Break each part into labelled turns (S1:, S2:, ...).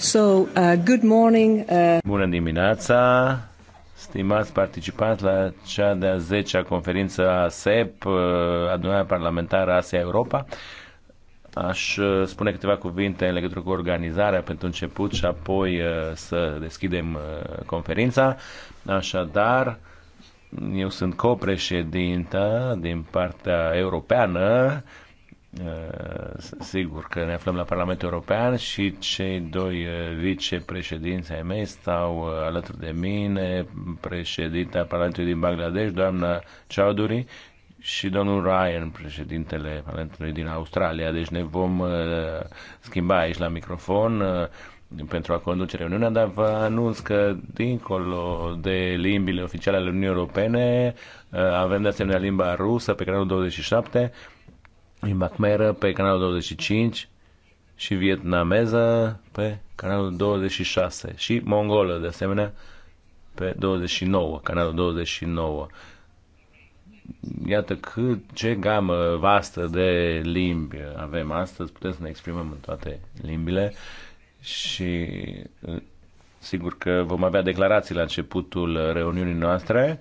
S1: So, uh, good morning. Uh... Bună dimineața, stimați participanți la cea de-a 10-a conferință a SEP, uh, adunarea parlamentară Asia-Europa. Aș uh, spune câteva cuvinte în legătură cu organizarea pentru început și apoi uh, să deschidem conferința. Așadar, eu sunt copreședintă din partea europeană Eh, sigur că ne aflăm la Parlamentul European și cei doi eh, vicepreședinți ai mei stau eh, alături de mine, Președinta Parlamentului din Bangladesh, doamna Chaudhuri, și domnul Ryan, președintele Parlamentului din Australia. Deci ne vom schimba aici la microfon pentru a conduce reuniunea, dar vă anunț că dincolo de limbile oficiale ale Uniunii Europene avem de asemenea limba rusă pe canalul 27 Imbacmeră pe canalul 25 și vietnameză pe canalul 26 și mongolă de asemenea pe 29, canalul 29. Iată cât, ce gamă vastă de limbi avem astăzi, putem să ne exprimăm în toate limbile și eh, sigur că vom avea declarații la începutul reuniunii noastre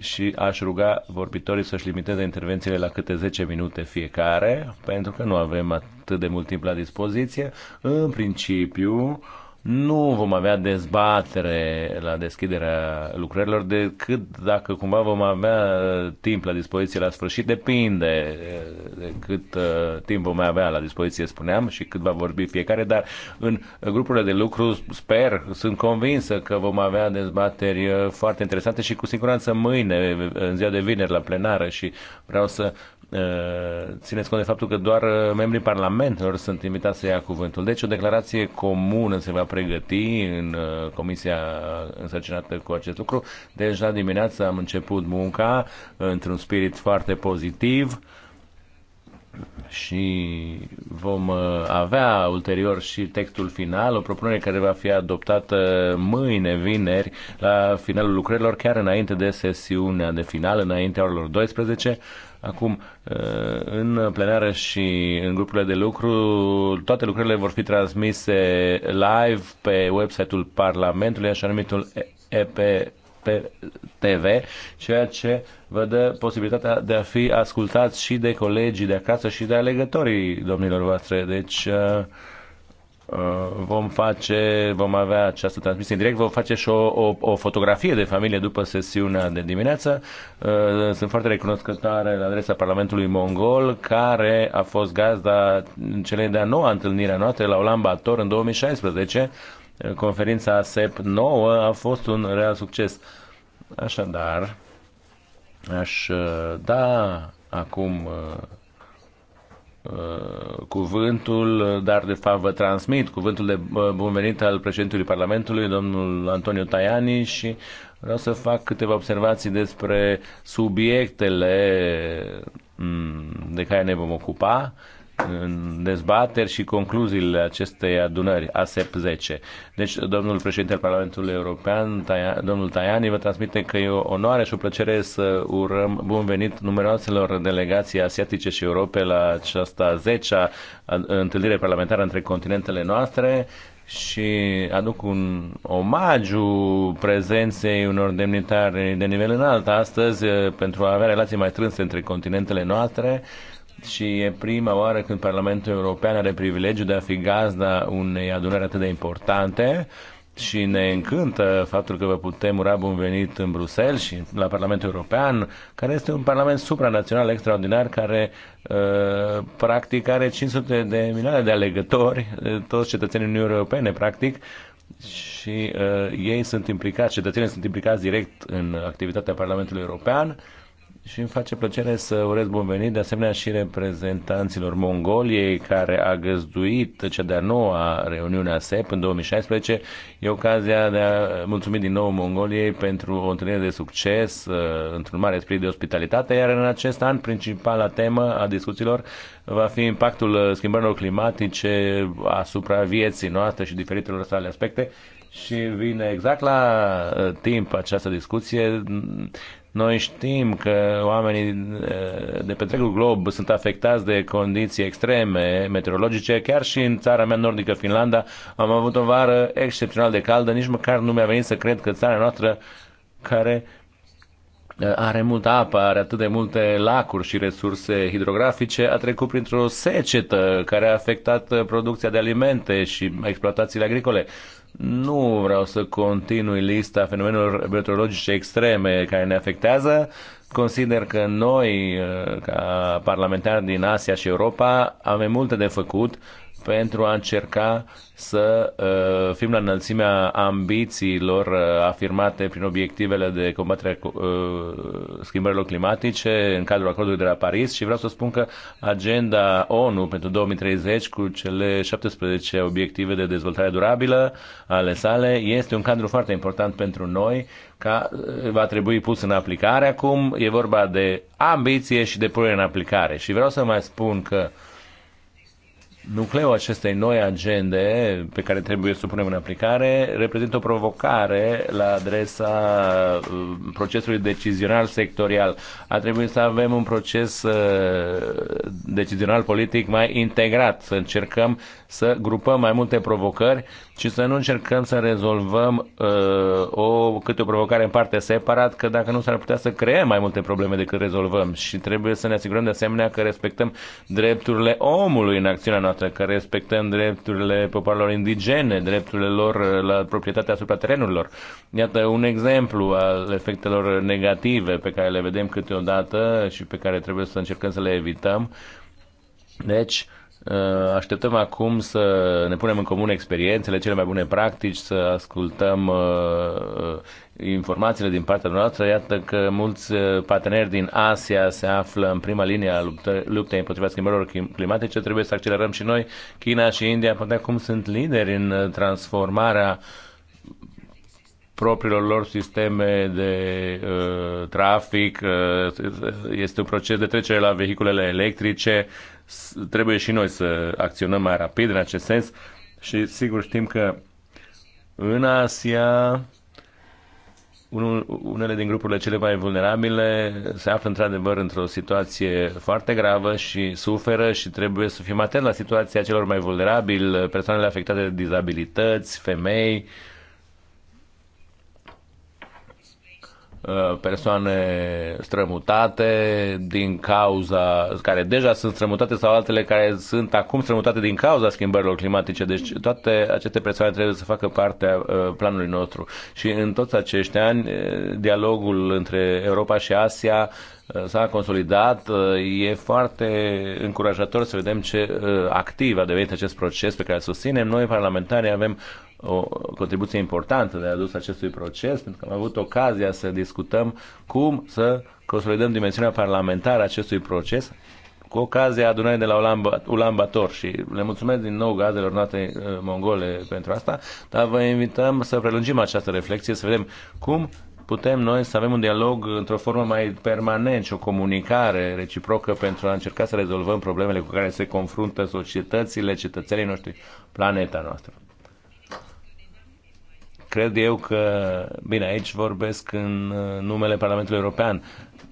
S1: și aș ruga vorbitorii să-și limiteze intervențiile la câte 10 minute fiecare, pentru că nu avem atât de mult timp la dispoziție. În principiu, nu vom avea dezbatere la deschiderea lucrărilor decât dacă cumva vom avea uh, timp la dispoziție la sfârșit. Depinde uh, de cât uh, timp vom mai avea la dispoziție, spuneam, și cât va vorbi fiecare, dar în grupurile de lucru sper, sunt convinsă că vom avea dezbateri foarte interesante și cu siguranță mâine, în ziua de vineri la plenară și vreau să Uh, țineți cont de faptul că doar uh, membrii parlamentelor sunt invitați să ia cuvântul. Deci o declarație comună se va pregăti în uh, comisia însărcinată cu acest lucru. Deci la dimineață am început munca într-un spirit foarte pozitiv și vom avea ulterior și textul final, o propunere care va fi adoptată mâine, vineri, la finalul lucrărilor, chiar înainte de sesiunea de final, înaintea orelor 12 Acum, uh, în plenară și în grupurile de lucru, toate lucrurile vor fi transmise live pe website-ul Parlamentului, așa numitul EP pe TV, ceea ce vă dă posibilitatea de a fi ascultați și de colegii de acasă și de alegătorii domnilor voastre. Deci, uh, Uh, vom face, vom avea această transmisie în direct, vom face și o, o, o fotografie de familie după sesiunea de dimineață. Uh, sunt foarte recunoscătoare la adresa Parlamentului Mongol, care a fost gazda celei de-a noua întâlnire a noastră la Olamba Bator în 2016. Uh, conferința SEP 9 a fost un real succes. Așadar, aș da acum Uh, cuvântul, dar de fapt vă transmit cuvântul de uh, bun venit al președintelui Parlamentului, domnul Antonio Tajani și vreau să fac câteva observații despre subiectele mm, de care ne vom ocupa în dezbateri și concluziile acestei adunări, ASEP 10. Deci, domnul președinte al Parlamentului European, domnul Tajani, vă transmite că e o onoare și o plăcere să urăm bun venit numeroaselor delegații asiatice și europe la aceasta 10-a întâlnire parlamentară între continentele noastre și aduc un omagiu prezenței unor demnitari de nivel înalt astăzi eh, pentru a avea relații mai strânse între continentele noastre și e prima oară când Parlamentul European are privilegiul de a fi gazda unei adunări atât de importante și ne încântă faptul că vă putem ura bun venit în Bruxelles și la Parlamentul European, care este un parlament supranațional extraordinar, care uh, practic are 500 de milioane de alegători, uh, toți cetățenii Uniunii Europene, practic, și uh, ei sunt implicați, cetățenii sunt implicați direct în activitatea Parlamentului European și îmi face plăcere să urez bun venit de asemenea și reprezentanților Mongoliei care a găzduit cea de-a noua reuniune a SEP în 2016. E ocazia de a mulțumi din nou Mongoliei pentru o întâlnire de succes uh, într-un mare spirit de ospitalitate, iar în acest an principala temă a discuțiilor va fi impactul uh, schimbărilor climatice asupra vieții noastre și diferitelor sale aspecte și vine exact la uh, timp această discuție noi știm că oamenii eh, de pe întregul glob sunt afectați de condiții extreme meteorologice. Chiar și în țara mea nordică, Finlanda, am avut o vară excepțional de caldă. Nici măcar nu mi-a venit să cred că țara noastră, care eh, are multă apă, are atât de multe lacuri și resurse hidrografice, a trecut printr-o secetă care a afectat eh, producția de alimente și exploatațiile agricole. Nu vreau să continui lista fenomenelor meteorologice extreme care ne afectează. Consider că noi, ca parlamentari din Asia și Europa, avem multe de făcut pentru a încerca să uh, fim la înălțimea ambițiilor uh, afirmate prin obiectivele de combatere uh, schimbărilor climatice în cadrul acordului de la Paris și vreau să spun că agenda ONU pentru 2030 cu cele 17 obiective de dezvoltare durabilă ale sale este un cadru foarte important pentru noi ca uh, va trebui pus în aplicare acum. E vorba de ambiție și de punere în aplicare și vreau să mai spun că uh, Nucleul acestei noi agende pe care trebuie să o punem în aplicare reprezintă o provocare la adresa uh, procesului decizional sectorial. A trebuit să avem un proces uh, decizional politic mai integrat, să încercăm să grupăm mai multe provocări și să nu încercăm să rezolvăm uh, o, câte o provocare în parte separat, că dacă nu s-ar putea să creăm mai multe probleme decât rezolvăm și trebuie să ne asigurăm de asemenea că respectăm drepturile omului în acțiunea noastră, că respectăm drepturile popoarelor indigene, drepturile lor uh, la proprietatea asupra terenurilor. Iată un exemplu al efectelor negative pe care le vedem câteodată și pe care trebuie să încercăm să le evităm. Deci, Uh, așteptăm acum să ne punem în comun experiențele, cele mai bune practici, să ascultăm uh, uh, informațiile din partea noastră. Iată că mulți parteneri din Asia se află în prima linie a luptei împotriva schimbărilor climatice. Trebuie să accelerăm și noi. China și India poate acum sunt lideri în transformarea propriilor lor sisteme de uh, trafic, uh, este un proces de trecere la vehiculele electrice, trebuie și noi să acționăm mai rapid în acest sens și sigur știm că în Asia unul, unele din grupurile cele mai vulnerabile se află într-adevăr într-o situație foarte gravă și suferă și trebuie să fim atenți la situația celor mai vulnerabili, persoanele afectate de dizabilități, femei, uh, Uh, persoane strămutate din cauza, care deja sunt strămutate sau altele care sunt acum strămutate din cauza schimbărilor climatice. Deci toate aceste persoane trebuie să facă a uh, planului nostru. Și în toți acești ani, uh, dialogul între Europa și Asia s-a consolidat. E foarte încurajator să vedem ce activ a devenit acest proces pe care îl susținem. Noi, parlamentarii, avem o contribuție importantă de adus acestui proces, pentru că am avut ocazia să discutăm cum să consolidăm dimensiunea parlamentară a acestui proces cu ocazia adunării de la Ulan Bator și le mulțumesc din nou gazelor noastre uh, mongole pentru asta, dar vă invităm să prelungim această reflexie, să vedem cum putem noi să avem un dialog într-o formă mai permanent și o comunicare reciprocă pentru a încerca să rezolvăm problemele cu care se confruntă societățile, cetățenii noștri, planeta noastră. Cred eu că, bine, aici vorbesc în uh, numele Parlamentului European,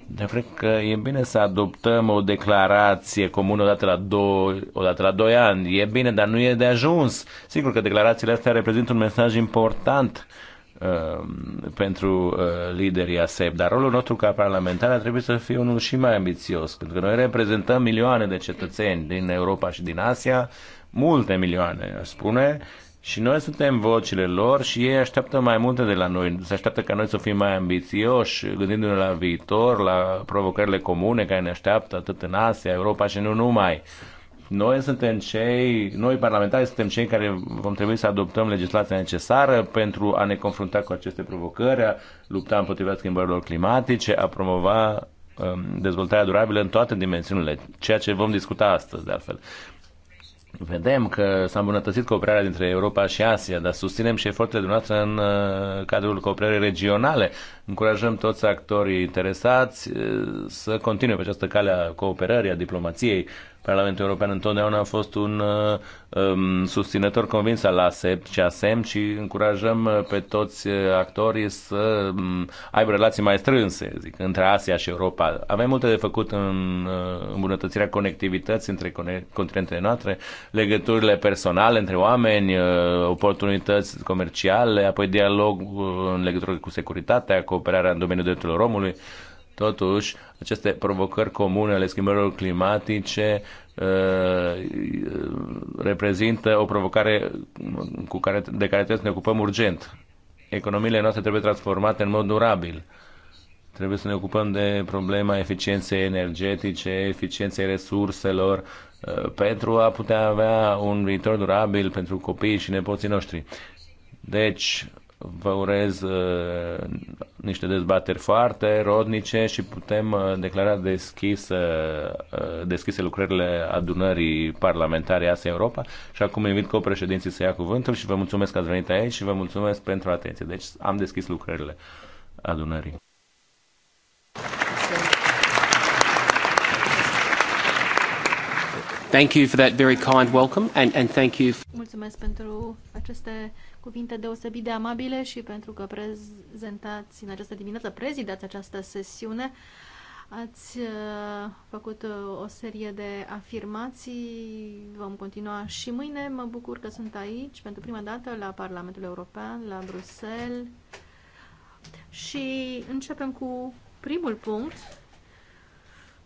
S1: dar cred că e bine să adoptăm o declarație comună odată la, doi, odată la doi ani. E bine, dar nu e de ajuns. Sigur că declarațiile astea reprezintă un mesaj important uh, pentru uh, liderii ASEP, dar rolul nostru ca parlamentar ar trebui să fie unul și mai ambițios, pentru că noi reprezentăm milioane de cetățeni din Europa și din Asia, multe milioane, aș spune, și noi suntem vocile lor și ei așteaptă mai multe de la noi. Se așteaptă ca noi să fim mai ambițioși, gândindu-ne la viitor, la provocările comune care ne așteaptă atât în Asia, Europa și nu numai. Noi suntem cei, noi parlamentari suntem cei care vom trebui să adoptăm legislația necesară pentru a ne confrunta cu aceste provocări, a lupta împotriva schimbărilor climatice, a promova um, dezvoltarea durabilă în toate dimensiunile, ceea ce vom discuta astăzi, de altfel. Vedem că s-a îmbunătățit cooperarea dintre Europa și Asia, dar susținem și eforturile dumneavoastră în uh, cadrul cooperării regionale. Încurajăm toți actorii interesați uh, să continue pe această cale a cooperării, a diplomației, Parlamentul European întotdeauna a fost un uh, um, susținător convins al ASEP și ASEM și încurajăm uh, pe toți uh, actorii să um, aibă relații mai strânse zic, între Asia și Europa. Avem multe de făcut în uh, îmbunătățirea conectivității între continentele noastre, legăturile personale între oameni, uh, oportunități comerciale, apoi dialog uh, în legătură cu securitatea, cooperarea în domeniul drepturilor omului. Totuși, aceste provocări comune ale schimbărilor climatice uh, reprezintă o provocare cu care, de care trebuie să ne ocupăm urgent. Economiile noastre trebuie transformate în mod durabil. Trebuie să ne ocupăm de problema eficienței energetice, eficienței resurselor, uh, pentru a putea avea un viitor durabil pentru copiii și nepoții noștri. Deci, Vă urez uh, niște dezbateri foarte rodnice și putem uh, declara deschis uh, deschise lucrările adunării parlamentare ASE Europa. Și acum invit co-președinții să ia cuvântul și vă mulțumesc că ați venit aici și vă mulțumesc pentru atenție. Deci am deschis lucrările adunării.
S2: Thank you for that very kind welcome and, and thank you.
S3: Mulțumesc pentru aceste cuvinte deosebit de amabile și pentru că prezentați în această dimineață, prezidați această sesiune. Ați uh, făcut uh, o serie de afirmații, vom continua și mâine. Mă bucur că sunt aici pentru prima dată la Parlamentul European, la Bruxelles. Și începem cu primul punct,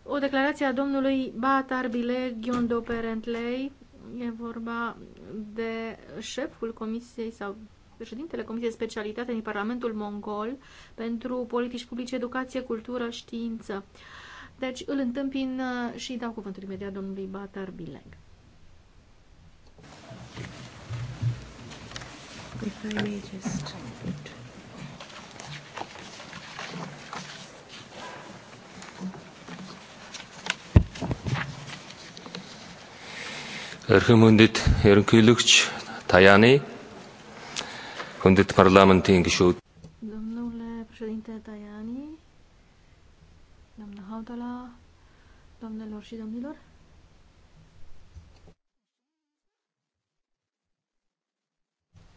S3: o declarație a domnului Batar Bile Ghiondo Perentlei, E vorba de șeful comisiei sau președintele Comisiei Specialitate din Parlamentul Mongol pentru politici publice, educație, cultură, știință. Deci îl întâmpin uh, și dau cuvântul imediat domnului Batar Bileg. If I may just
S1: Эрхэм хүндэт ерөнхийлөгч Tajani, хүндэт парламентийн гишүүд. Domnule
S3: președinte Tayani, domnul Hautala, doamnelor și domnilor,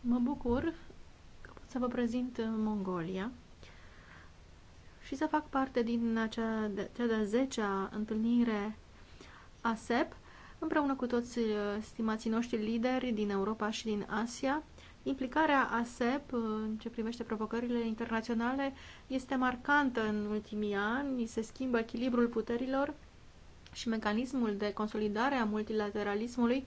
S3: Mă bucur că pot să vă prezint Mongolia și să fac parte din acea, cea de-a întâlnire a SEP. ASEP împreună cu toți uh, stimații noștri lideri din Europa și din Asia. Implicarea ASEP uh, în ce privește provocările internaționale este marcantă în ultimii ani, se schimbă echilibrul puterilor și mecanismul de consolidare a multilateralismului uh,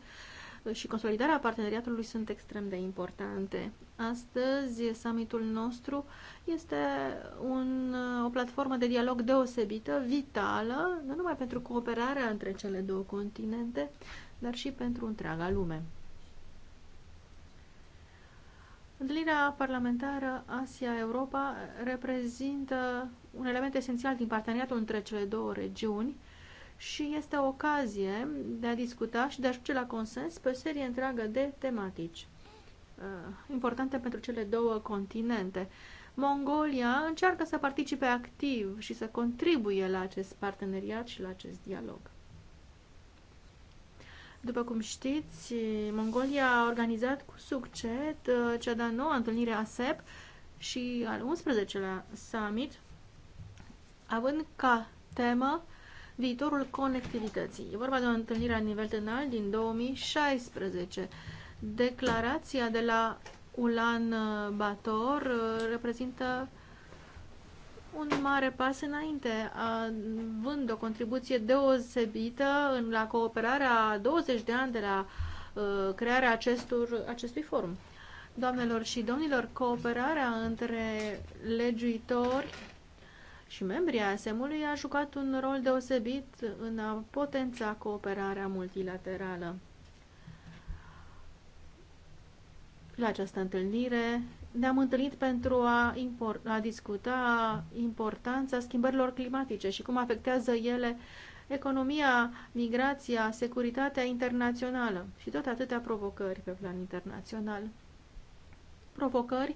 S3: și consolidarea parteneriatului sunt extrem de importante. Astăzi, summitul nostru este un, o platformă de dialog deosebită, vitală, nu numai pentru cooperarea între cele două continente, dar și pentru întreaga lume. Întâlnirea parlamentară Asia-Europa reprezintă un element esențial din parteneriatul între cele două regiuni și este o ocazie de a discuta și de a ajunge la consens pe o serie întreagă de tematici uh, importante pentru cele două continente. Mongolia încearcă să participe activ și să contribuie la acest parteneriat și la acest dialog. După cum știți, Mongolia a organizat cu succes uh, cea de-a noua întâlnire ASEP și al 11-lea summit, având ca temă viitorul conectivității. E vorba de o întâlnire la nivel înalt din 2016. Declarația de la Ulan uh, Bator uh, reprezintă un mare pas înainte, având o contribuție deosebită în la cooperarea 20 de ani de la uh, crearea acestor, acestui forum. Doamnelor și domnilor, cooperarea între legiuitori și membrii ASEM-ului a jucat un rol deosebit în a potența cooperarea multilaterală. La această întâlnire ne-am întâlnit pentru a, a discuta importanța schimbărilor climatice și cum afectează ele economia, migrația, securitatea internațională și tot atâtea provocări pe plan internațional. Provocări uh,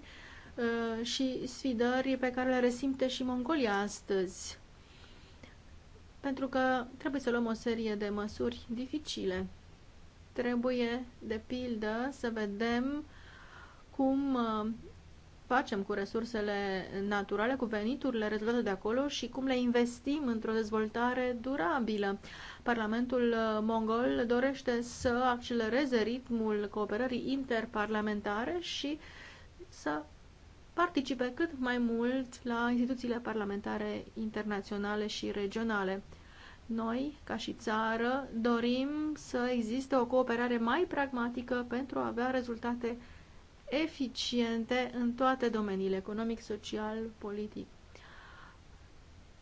S3: Uh, și sfidări pe care le resimte și Mongolia astăzi. Pentru că trebuie să luăm o serie de măsuri dificile. Trebuie, de pildă, să vedem cum uh, facem cu resursele naturale, cu veniturile rezultate de acolo și cum le investim într-o dezvoltare durabilă. Parlamentul uh, mongol dorește să accelereze ritmul cooperării interparlamentare și să participe cât mai mult la instituțiile parlamentare internaționale și regionale. Noi, ca și țară, dorim să existe o cooperare mai pragmatică pentru a avea rezultate eficiente în toate domeniile economic, social, politic.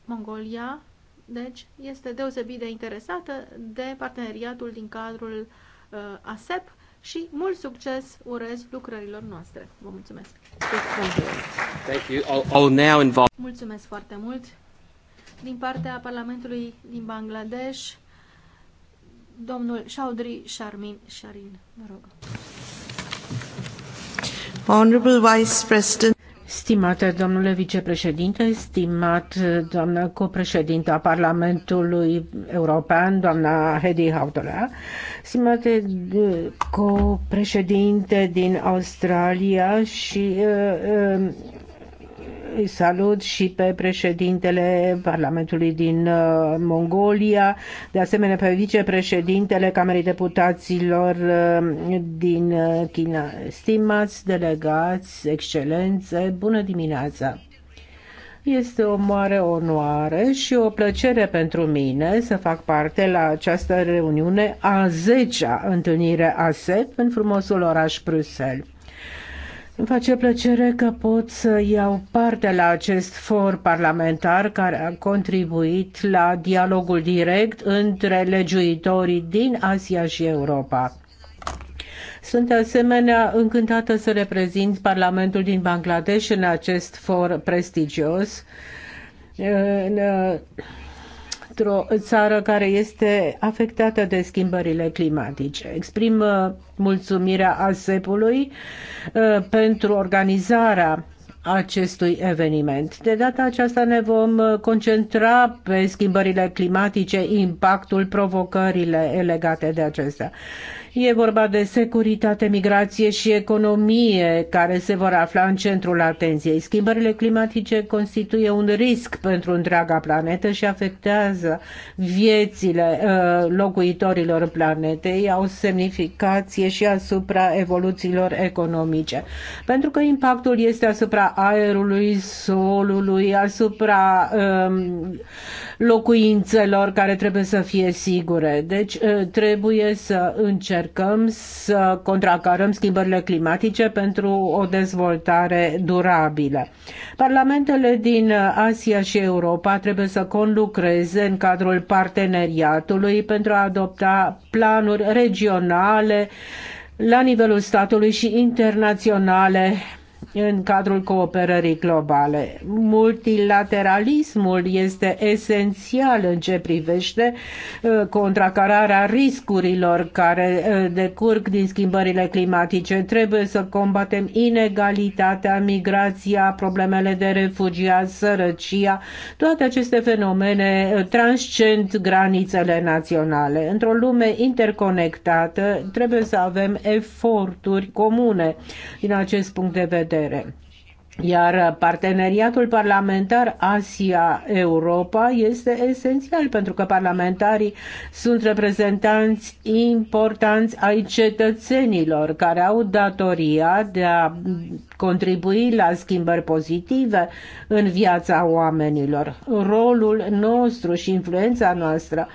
S3: Mongolia, deci, este deosebit de interesată de parteneriatul din cadrul uh, ASEP și mult succes urez lucrărilor noastre. Vă mulțumesc!
S2: Thank you. I'll, I'll now involve...
S3: Mulțumesc foarte mult! Din partea Parlamentului din Bangladesh, domnul Chaudhry Sharmin Sharin. Vă rog.
S2: Honorable Vice President. Stimate domnule vicepreședinte, stimat doamnă copreședinte a Parlamentului European, doamna Hedy Hautala, stimate copreședinte din Australia și uh, uh îi salut și pe președintele Parlamentului din uh, Mongolia, de asemenea pe vicepreședintele Camerei Deputaților uh, din uh, China. Stimați delegați, excelențe, bună dimineața! Este o mare onoare și o plăcere pentru mine să fac parte la această reuniune a 10-a întâlnire ASEP în frumosul oraș Bruxelles. Îmi face plăcere că pot să iau parte la acest for parlamentar care a contribuit la dialogul direct între legiuitorii din Asia și Europa. Sunt de asemenea încântată să reprezint Parlamentul din Bangladesh în acest for prestigios într-o țară care este afectată de schimbările climatice. Exprim uh, mulțumirea ASEP-ului uh, pentru organizarea acestui eveniment. De data aceasta ne vom uh, concentra pe schimbările climatice, impactul, provocările legate de acestea. E vorba de securitate, migrație și economie care se vor afla în centrul atenției. Schimbările climatice constituie un risc pentru întreaga planetă și afectează viețile uh, locuitorilor planetei, au semnificație și asupra evoluțiilor economice. Pentru că impactul este asupra aerului, solului, asupra um, locuințelor care trebuie să fie sigure. Deci uh, trebuie să încercăm încercăm să contracarăm schimbările climatice pentru o dezvoltare durabilă. Parlamentele din Asia și Europa trebuie să conlucreze în cadrul parteneriatului pentru a adopta planuri regionale la nivelul statului și internaționale în cadrul cooperării globale. Multilateralismul este esențial în ce privește uh, contracararea riscurilor care uh, decurg din schimbările climatice. Trebuie să combatem inegalitatea, migrația, problemele de refugiați, sărăcia, toate aceste fenomene uh, transcend granițele naționale. Într-o lume interconectată trebuie să avem eforturi comune din acest punct de vedere vedere. Iar parteneriatul parlamentar Asia-Europa este esențial pentru că parlamentarii sunt reprezentanți importanți ai cetățenilor care au datoria de a contribui la schimbări pozitive în viața oamenilor. Rolul nostru și influența noastră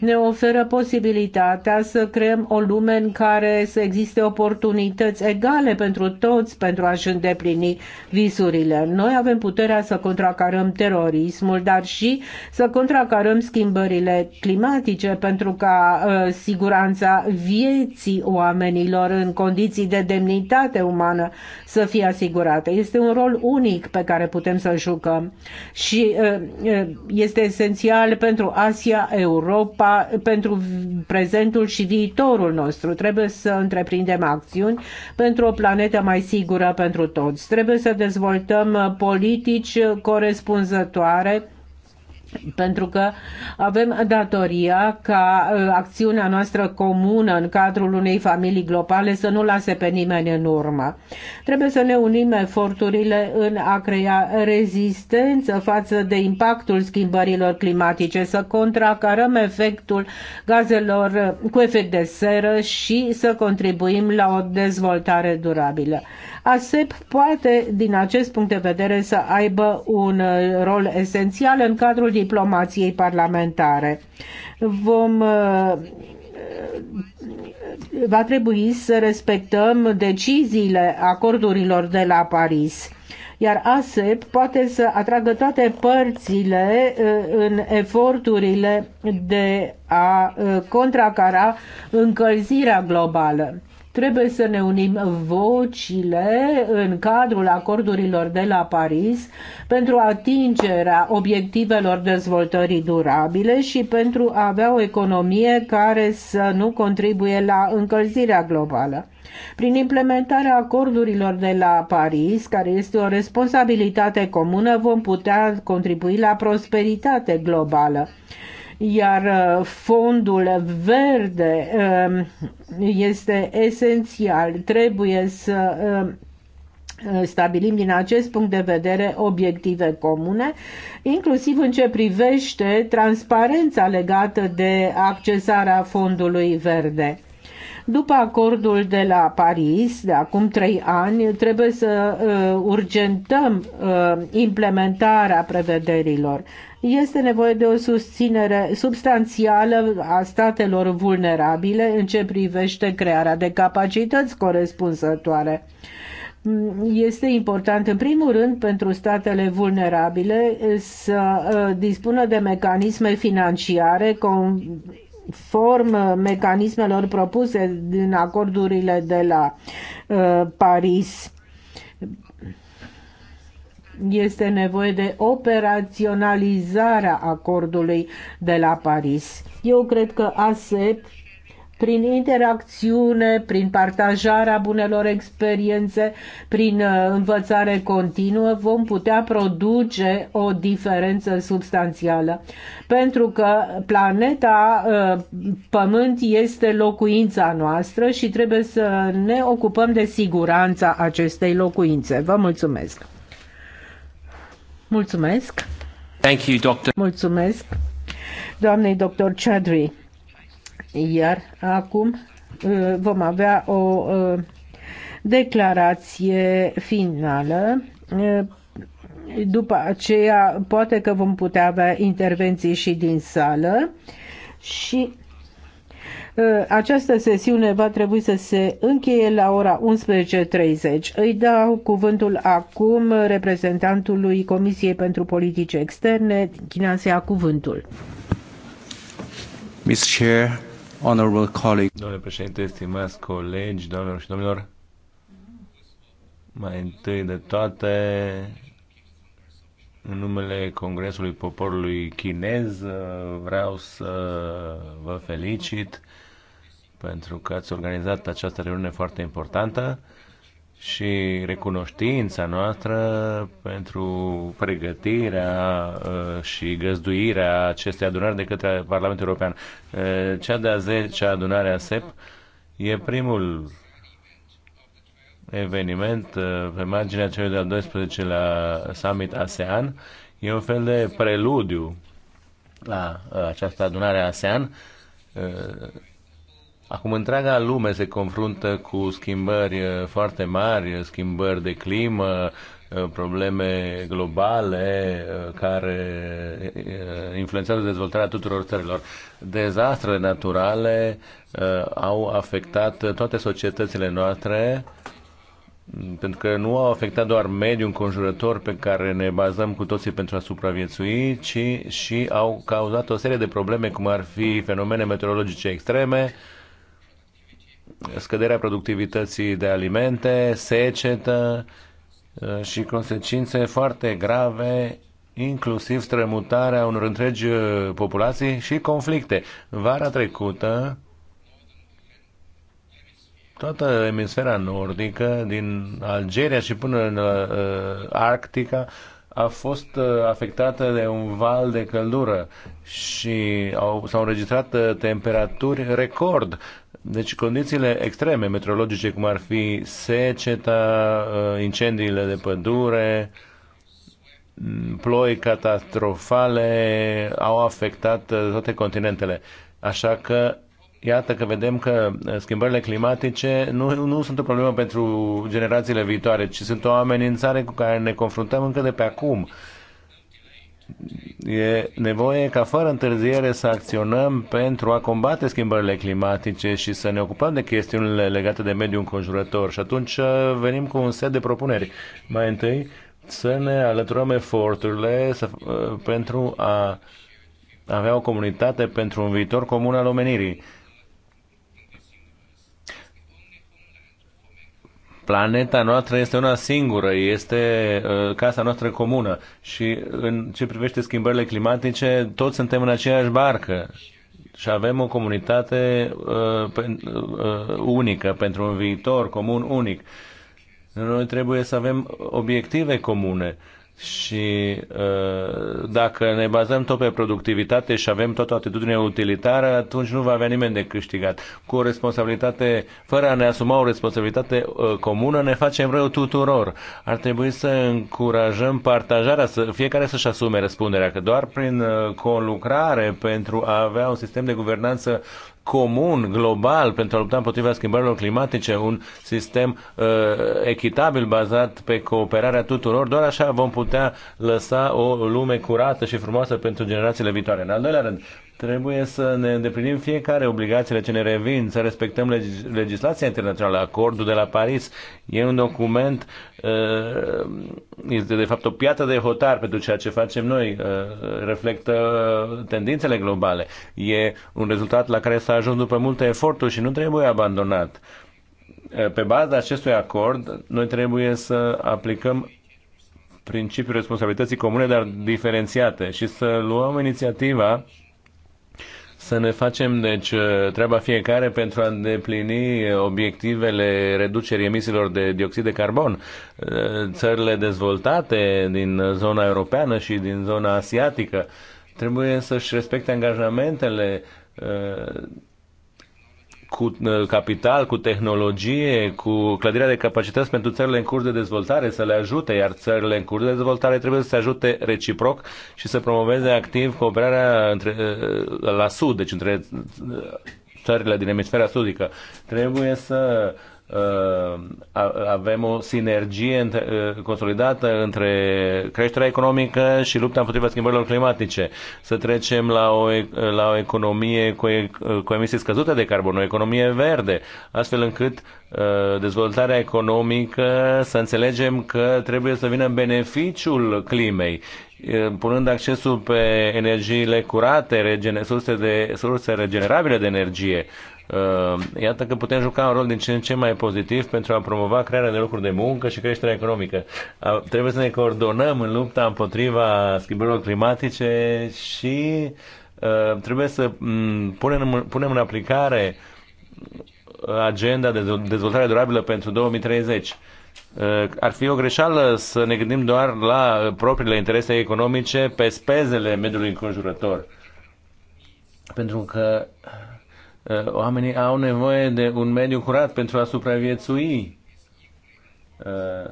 S2: ne oferă posibilitatea să creăm o lume în care să existe oportunități egale pentru toți pentru a-și îndeplini visurile. Noi avem puterea să contracarăm terorismul, dar și să contracarăm schimbările climatice pentru ca uh, siguranța vieții oamenilor în condiții de demnitate umană să fie asigurate. Este un rol unic pe care putem să-l jucăm și uh, uh, este esențial pentru Asia, Europa, pentru prezentul și viitorul nostru. Trebuie să întreprindem acțiuni pentru o planetă mai sigură pentru toți. Trebuie să dezvoltăm uh, politici corespunzătoare pentru că avem datoria ca uh, acțiunea noastră comună în cadrul unei familii globale să nu lase pe nimeni în urmă. Trebuie să ne unim eforturile în a crea rezistență față de impactul schimbărilor climatice, să contracarăm efectul gazelor uh, cu efect de seră și să contribuim la o dezvoltare durabilă. ASEP poate, din acest punct de vedere, să aibă un uh, rol esențial în cadrul diplomației parlamentare. Vom uh, va trebui să respectăm deciziile acordurilor de la Paris iar ASEP poate să atragă toate părțile uh, în eforturile de a uh, contracara încălzirea globală. Trebuie să ne unim vocile în cadrul acordurilor de la Paris pentru atingerea obiectivelor dezvoltării durabile și pentru a avea o economie care să nu contribuie la încălzirea globală. Prin implementarea acordurilor de la Paris, care este o responsabilitate comună, vom putea contribui la prosperitate globală iar uh, fondul verde um, este esențial. Trebuie să um, uh, stabilim din acest punct de vedere obiective comune, inclusiv în ce privește transparența legată de accesarea fondului verde. După acordul de la Paris, de acum trei ani, trebuie să uh, urgentăm uh, implementarea prevederilor. Este nevoie de o susținere substanțială a statelor vulnerabile în ce privește crearea de capacități corespunzătoare este important, în primul rând, pentru statele vulnerabile să uh, dispună de mecanisme financiare conform mecanismelor propuse din acordurile de la uh, Paris. Este nevoie de operaționalizarea acordului de la Paris. Eu cred că ASEP prin interacțiune, prin partajarea bunelor experiențe, prin uh, învățare continuă, vom putea produce o diferență substanțială. Pentru că planeta uh, Pământ este locuința noastră și trebuie să ne ocupăm de siguranța acestei locuințe. Vă mulțumesc! Mulțumesc! Thank you, doctor. Mulțumesc doamnei doctor Chadri. Iar acum uh, vom avea o uh, declarație finală. Uh, după aceea, poate că vom putea avea intervenții și din sală și această sesiune va trebui să se încheie la ora 11.30. Îi dau cuvântul acum reprezentantului Comisiei pentru Politici Externe. China se ia cuvântul.
S1: Mr. Chair, honorable colleague. Domnule președinte, stimați colegi, doamnelor și domnilor, mai întâi de toate, în numele Congresului Poporului Chinez, vreau să vă felicit pentru că ați organizat această reuniune foarte importantă și recunoștința noastră pentru pregătirea uh, și găzduirea acestei adunări de către Parlamentul European. Uh, cea de-a 10 adunare a SEP e primul eveniment uh, pe marginea celui de-al 12-lea summit ASEAN. E un fel de preludiu la această adunare ASEAN Acum întreaga lume se confruntă cu schimbări eh, foarte mari, eh, schimbări de climă, eh, probleme globale care influențează dezvoltarea tuturor țărilor. Dezastrele naturale au afectat toate societățile noastre pentru că nu au afectat doar mediul înconjurător pe care ne bazăm cu toții pentru a supraviețui, ci și au cauzat o serie de probleme, cum ar fi fenomene meteorologice extreme, uh, scăderea productivității de alimente, secetă uh, și consecințe foarte grave inclusiv strămutarea unor întregi uh, populații și conflicte. Vara trecută, toată emisfera nordică, din Algeria și până în uh, uh Arctica, a fost afectată de un val de căldură și au, s-au înregistrat temperaturi record deci condițiile extreme meteorologice, cum ar fi seceta, uh, incendiile de pădure, mm, ploi catastrofale, au afectat uh, toate continentele. Așa că iată că vedem că uh, schimbările climatice nu, nu sunt o problemă pentru generațiile viitoare, ci sunt o amenințare cu care ne confruntăm încă de pe acum. E nevoie ca fără întârziere să acționăm pentru a combate schimbările climatice și să ne ocupăm de chestiunile legate de mediul înconjurător. Și atunci uh, venim cu un set de propuneri. Mai întâi, să ne alăturăm eforturile să, uh, pentru a avea o comunitate pentru un viitor comun al omenirii planeta noastră este una singură, este uh, casa noastră comună și în ce privește schimbările climatice, toți suntem în aceeași barcă și avem o comunitate uh, uh, unică pentru un viitor comun unic. Noi trebuie să avem obiective comune și ă, dacă ne bazăm tot pe productivitate și avem tot o atitudine utilitară, atunci nu va avea nimeni de câștigat. Cu o responsabilitate, fără a ne asuma o responsabilitate ă, comună, ne facem rău tuturor. Ar trebui să încurajăm partajarea, să fiecare să-și asume răspunderea, că doar prin ă, conlucrare pentru a avea un sistem de guvernanță comun, global, pentru a lupta împotriva schimbărilor climatice, un sistem uh, echitabil bazat pe cooperarea tuturor, doar așa vom putea lăsa o lume curată și frumoasă pentru generațiile viitoare. În al doilea rând, Trebuie să ne îndeplinim fiecare obligațiile ce ne revin, să respectăm leg- legislația internațională, acordul de la Paris. E un document, uh, este de fapt o piată de hotar pentru ceea ce facem noi, uh, reflectă tendințele globale. E un rezultat la care s-a ajuns după multe eforturi și nu trebuie abandonat. Uh, pe baza acestui acord, noi trebuie să aplicăm principiul responsabilității comune, dar diferențiate și să luăm inițiativa să ne facem deci uh, treaba fiecare pentru a îndeplini obiectivele reducerii emisiilor de dioxid de carbon. Uh, țările dezvoltate din zona europeană și din zona asiatică trebuie să-și respecte angajamentele uh, cu uh, capital, cu tehnologie, cu clădirea de capacități pentru țările în curs de dezvoltare să le ajute, iar țările în curs de dezvoltare trebuie să se ajute reciproc și să promoveze activ cooperarea între, uh, la sud, deci între uh, țările din emisfera sudică. Trebuie să Uh, avem o sinergie uh, consolidată între creșterea economică și lupta împotriva schimbărilor climatice. Să trecem la o, la o economie cu, cu emisii scăzute de carbon, o economie verde, astfel încât uh, dezvoltarea economică să înțelegem că trebuie să vină beneficiul climei punând accesul pe energiile curate, surse, de, surse regenerabile de energie, Uh, iată că putem juca un rol din ce în ce mai pozitiv pentru a promova crearea de locuri de muncă și creșterea economică. Trebuie să ne coordonăm în lupta împotriva schimbărilor climatice și uh, trebuie să mm, punem, punem în aplicare agenda de dezvoltare durabilă pentru 2030. Uh, ar fi o greșeală să ne gândim doar la propriile interese economice pe spezele mediului înconjurător. Pentru că Eh, oamenii au nevoie de un mediu curat pentru a supraviețui. Eh,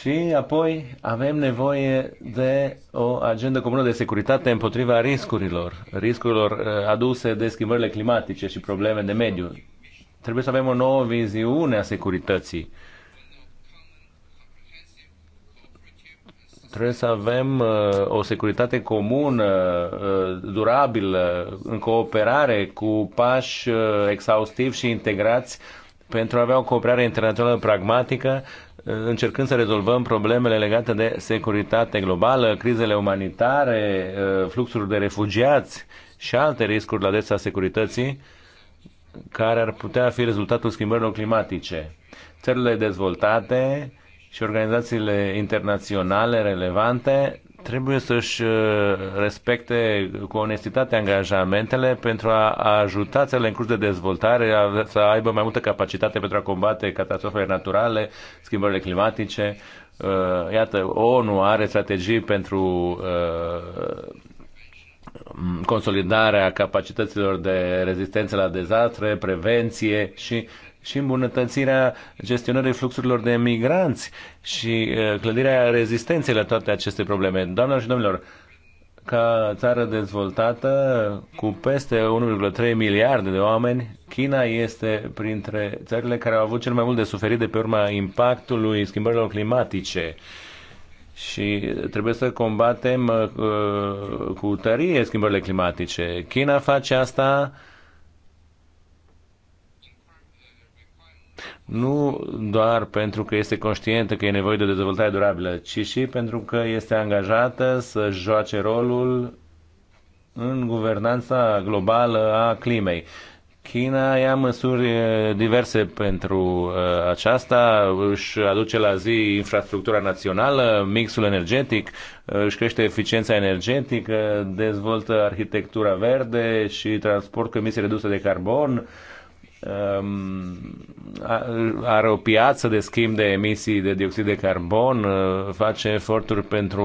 S1: și apoi avem nevoie de o agendă comună de securitate împotriva riscurilor, riscurilor eh, aduse de schimbările climatice și probleme de mediu. Trebuie să avem o nouă viziune a securității. Uh, Trebuie să avem uh, o securitate comună, uh, durabilă, în cooperare cu pași uh, exhaustivi și integrați pentru a avea o cooperare internațională pragmatică, încercând să rezolvăm problemele legate de securitate globală, crizele umanitare, fluxuri de refugiați și alte riscuri la adresa securității care ar putea fi rezultatul schimbărilor climatice. Țările dezvoltate și organizațiile internaționale relevante trebuie să-și uh, respecte cu onestitate angajamentele pentru a ajuta țările în curs de dezvoltare a, să aibă mai multă capacitate pentru a combate catastrofele naturale, schimbările climatice. Uh, iată, ONU are strategii pentru uh, consolidarea capacităților de rezistență la dezastre, prevenție și și îmbunătățirea gestionării fluxurilor de migranți și uh, clădirea rezistenței la toate aceste probleme. Doamnelor și domnilor, ca țară dezvoltată cu peste 1,3 miliarde de oameni, China este printre țările care au avut cel mai mult de suferit de pe urma impactului schimbărilor climatice. Și trebuie să combatem uh, cu tărie schimbările climatice. China face asta uh, nu doar pentru că este conștientă că e nevoie de o dezvoltare durabilă, ci și pentru că este angajată să joace rolul în guvernanța globală a climei. China ia măsuri diverse pentru aceasta, își aduce la zi infrastructura națională, mixul energetic, își crește eficiența energetică, dezvoltă arhitectura verde și transport cu emisii reduse de carbon, uh, Um, are o piață de schimb de emisii de dioxid de carbon, uh, face eforturi pentru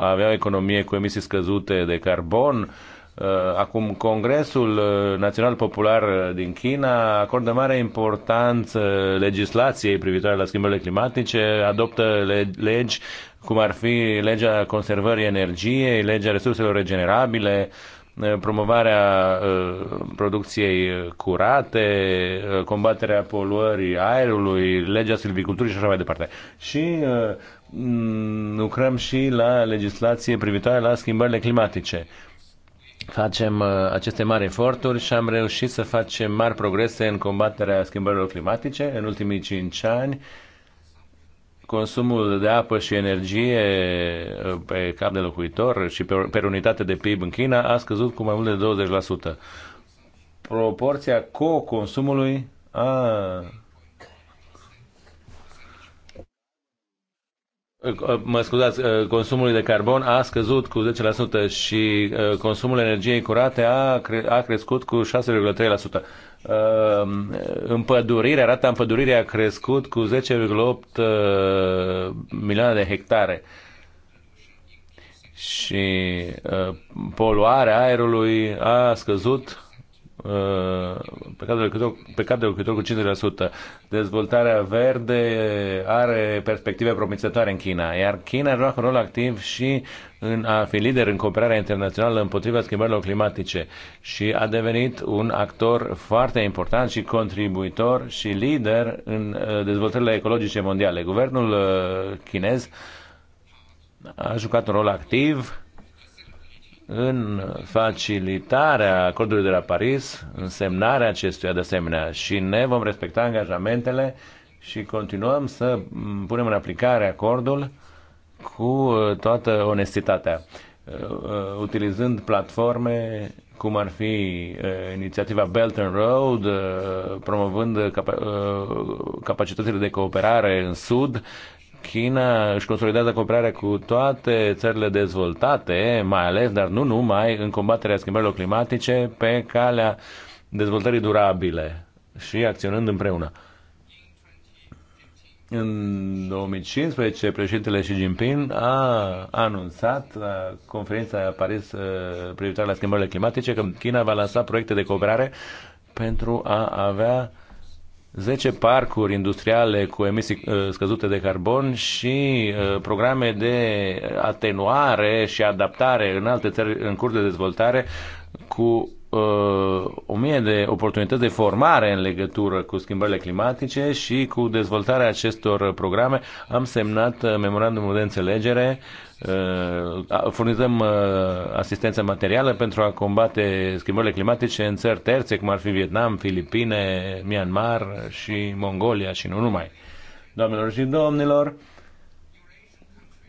S1: a avea o economie cu emisii scăzute de carbon. Uh, acum, Congresul Național Popular din China acordă mare importanță legislației privitoare la schimbările climatice, adoptă legi cum ar fi legea conservării energiei, legea resurselor regenerabile, uh, Eh, promovarea eh, producției curate, eh, combaterea poluării aerului, legea silviculturii și așa mai departe. Și mm, lucrăm și la legislație privitoare la schimbările climatice. Facem aceste mari eforturi și am reușit să facem mari progrese în combaterea schimbărilor climatice în ultimii 5 ani consumul de apă și energie uh, pe cap de locuitor și pe, pe unitate de PIB în China a scăzut cu mai mult de 20%. Proporția co-consumului a uh, mă scuzați, uh, consumului de carbon a scăzut cu 10% și consumul energiei curate a, cre- a crescut cu 6,3%. Ehm, împădurire, rata împădurire a crescut cu 10,8 ehm, milioane de hectare și ehm, poluarea aerului a scăzut Uh, pe cap de locuitor, pe de locuitor cu 50%. Dezvoltarea verde are perspective promițătoare în China, iar China joacă un rol activ și în a fi lider în cooperarea internațională împotriva schimbărilor climatice și a devenit un actor foarte important și contribuitor și lider în uh, dezvoltările ecologice mondiale. Guvernul uh, chinez a jucat un rol activ în facilitarea acordului de la Paris, în semnarea acestuia de asemenea și ne vom respecta angajamentele și continuăm să punem în aplicare acordul cu uh, toată onestitatea, uh, uh, utilizând platforme cum ar fi inițiativa Belt and Road, promovând capacitățile de cooperare în Sud China își consolidează cooperarea cu toate țările dezvoltate, mai ales, dar nu numai, în combaterea schimbărilor climatice pe calea dezvoltării durabile și acționând împreună. În 2015, președintele Xi Jinping a anunțat la conferința Paris uh, privitoare la schimbările climatice că China va lansa proiecte de cooperare pentru a avea uh, 10 parcuri industriale cu emisii uh, scăzute de carbon și uh, programe de atenuare și adaptare în alte țări în curs de dezvoltare cu uh, o mie de oportunități de formare în legătură cu schimbările climatice și cu dezvoltarea acestor programe. Am semnat memorandumul de înțelegere Uh, furnizăm uh, asistență materială pentru a combate schimbările climatice în țări terțe, cum ar fi Vietnam, Filipine, Myanmar și Mongolia și nu numai. Doamnelor și domnilor,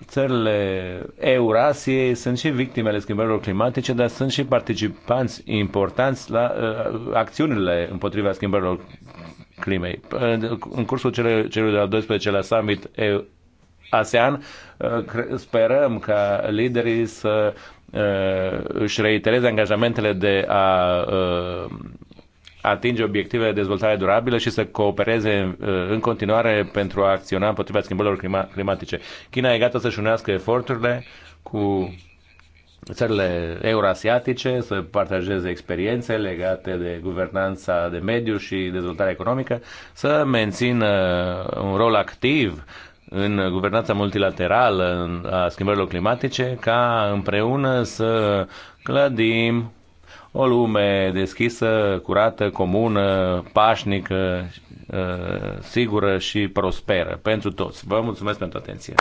S1: țările Eurasiei sunt și victimele schimbărilor climatice, dar sunt și participanți importanți la uh, acțiunile împotriva schimbărilor climei. În cursul celui de-al 12 la summit ASEAN, uh, sperăm ca liderii să uh, își reitereze angajamentele de a uh, atinge obiectivele de dezvoltare durabilă și să coopereze în continuare pentru a acționa împotriva schimbărilor climatice. China e gata să-și unească eforturile cu țările eurasiatice să partajeze experiențe legate de guvernanța de mediu și dezvoltare economică, să mențină un rol activ în guvernanța multilaterală a schimbărilor climatice ca împreună să clădim o lume deschisă, curată, comună, pașnică, uh, sigură și prosperă pentru toți. Vă mulțumesc pentru atenție!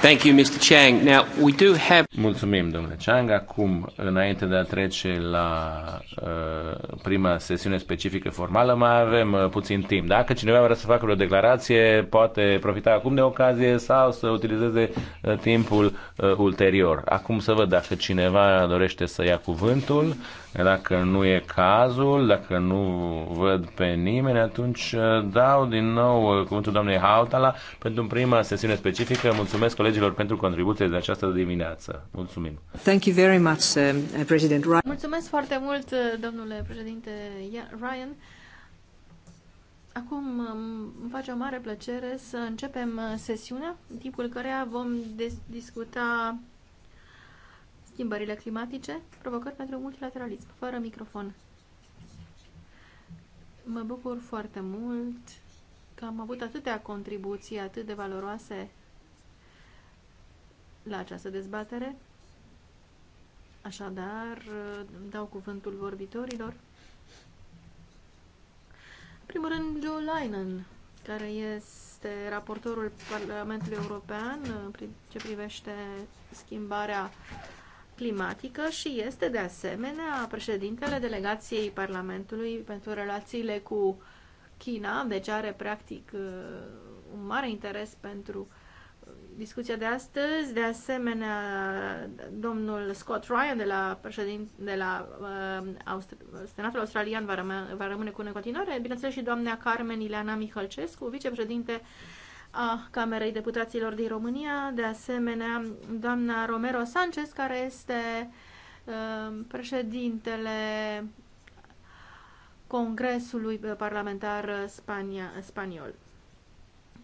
S1: Thank you, Mr. Chang. Now, we do have... Mulțumim, domnule Chang. Acum, înainte de a trece la uh, prima sesiune specifică formală, mai avem uh, puțin timp. Dacă cineva vrea să facă o declarație, poate profita acum de ocazie sau să utilizeze uh, timpul uh, ulterior. Acum să văd dacă cineva dorește să ia cuvântul. Dacă nu e cazul, dacă nu văd pe nimeni, atunci uh, dau din nou uh, cuvântul doamnei Hautala pentru prima sesiune specifică. Mulțumesc colegilor pentru contribuție de această dimineață. Mulțumim.
S2: Thank you very much, uh, President Ryan.
S3: Mulțumesc foarte mult, domnule președinte Ryan. Acum um, îmi face o mare plăcere să începem sesiunea, în timpul căreia vom discuta Schimbările climatice, provocări pentru multilateralism, fără microfon. Mă bucur foarte mult că am avut atâtea contribuții atât de valoroase la această dezbatere. Așadar, dau cuvântul vorbitorilor. În primul rând, Joe Linen, care este raportorul Parlamentului European ce privește schimbarea climatică și este de asemenea președintele delegației Parlamentului pentru relațiile cu China, deci are practic uh, un mare interes pentru uh, discuția de astăzi. De asemenea, domnul Scott Ryan de la, președin, de la uh, Senatul Australian va rămâne, va rămâne cu noi în continuare. Bineînțeles și doamna Carmen Ileana Mihalcescu, vicepreședinte uh, a Camerei Deputaților din România, de asemenea doamna Romero Sanchez, care este uh, președintele Congresului Parlamentar Spania, Spaniol.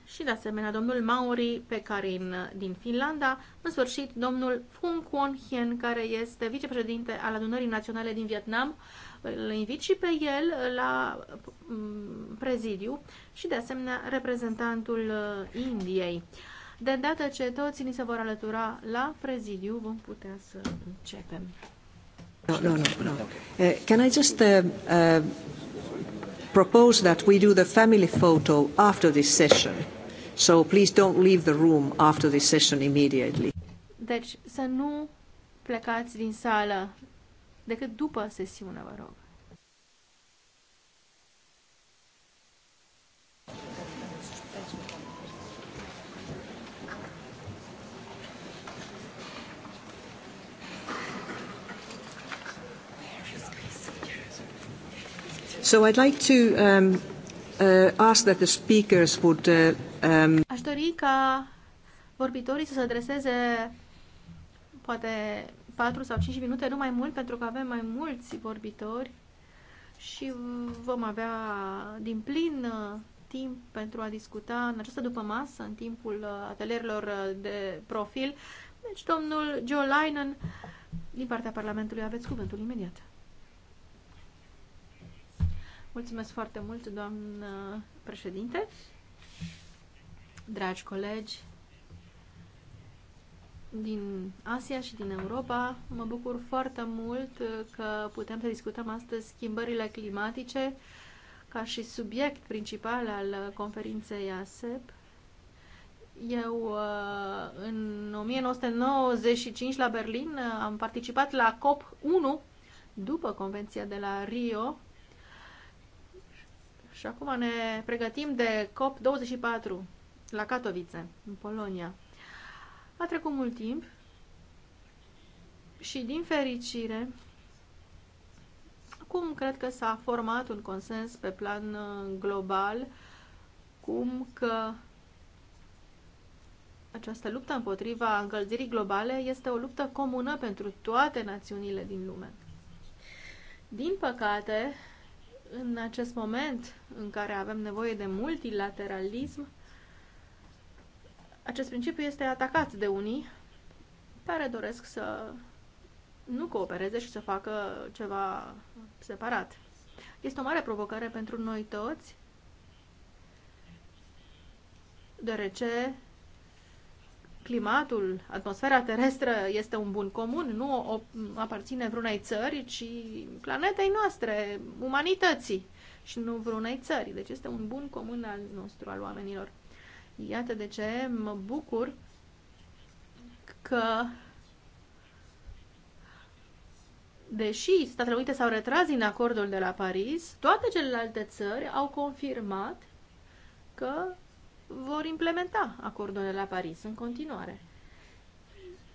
S3: Și de asemenea domnul Mauri Pecarin din Finlanda, în sfârșit domnul Fung Kwon Hien, care este vicepreședinte al Adunării Naționale din Vietnam, îl invit și pe el la mm, prezidiu și de asemenea reprezentantul uh, Indiei. De îndată ce toți ni se vor alătura la prezidiu, vom putea să începem.
S2: No, no, no. no. Uh, can I just uh, uh, propose that we do the family photo after this session? So please don't leave the room after this session immediately.
S3: Deci să nu plecați din sală decât după sesiune, vă rog.
S2: So I'd like to um, uh, ask that the speakers would. Uh, um...
S3: Aș dori ca vorbitorii să se adreseze poate 4 sau 5 minute, nu mai mult, pentru că avem mai mulți vorbitori și vom avea din plin uh, timp pentru a discuta în această după masă, în timpul uh, atelierilor uh, de profil. Deci, domnul Joe Linen, din partea Parlamentului, aveți cuvântul imediat. Mulțumesc foarte mult, doamnă președinte, dragi colegi, din Asia și din Europa. Mă bucur foarte mult uh, că putem să discutăm astăzi schimbările climatice ca și subiect principal al uh, conferinței ASEP. Eu uh, în 1995 la Berlin am participat la COP1 după Convenția de la Rio și acum ne pregătim de COP24 la Katowice, în Polonia. A trecut mult timp și, din fericire, acum cred că s-a format un consens pe plan uh, global cum că această luptă împotriva încălzirii globale este o luptă comună pentru toate națiunile din lume. Din păcate, în acest moment în care avem nevoie de multilateralism, acest principiu este atacat de unii care doresc să nu coopereze și să facă ceva separat. Este o mare provocare pentru noi toți, deoarece climatul, atmosfera terestră este un bun comun, nu o aparține vreunei țări, ci planetei noastre, umanității și nu vreunei țări. Deci este un bun comun al nostru, al oamenilor. Iată de ce mă bucur că deși Statele Unite s-au retras din acordul de la Paris, toate celelalte țări au confirmat că vor implementa acordul de la Paris în continuare.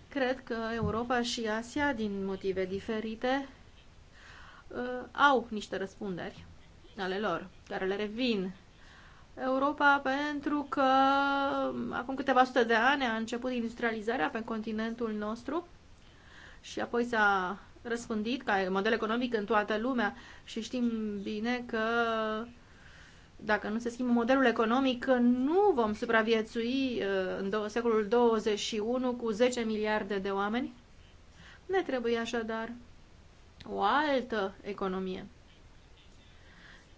S3: Cred că Europa și Asia, din motive diferite, uh, au niște răspunderi ale lor, care le revin Europa pentru că acum câteva sute de ani a început industrializarea pe continentul nostru și apoi s-a răspândit ca model economic în toată lumea și știm bine că dacă nu se schimbă modelul economic, nu vom supraviețui uh, în secolul 21 cu 10 miliarde de oameni. Ne trebuie așadar o altă economie.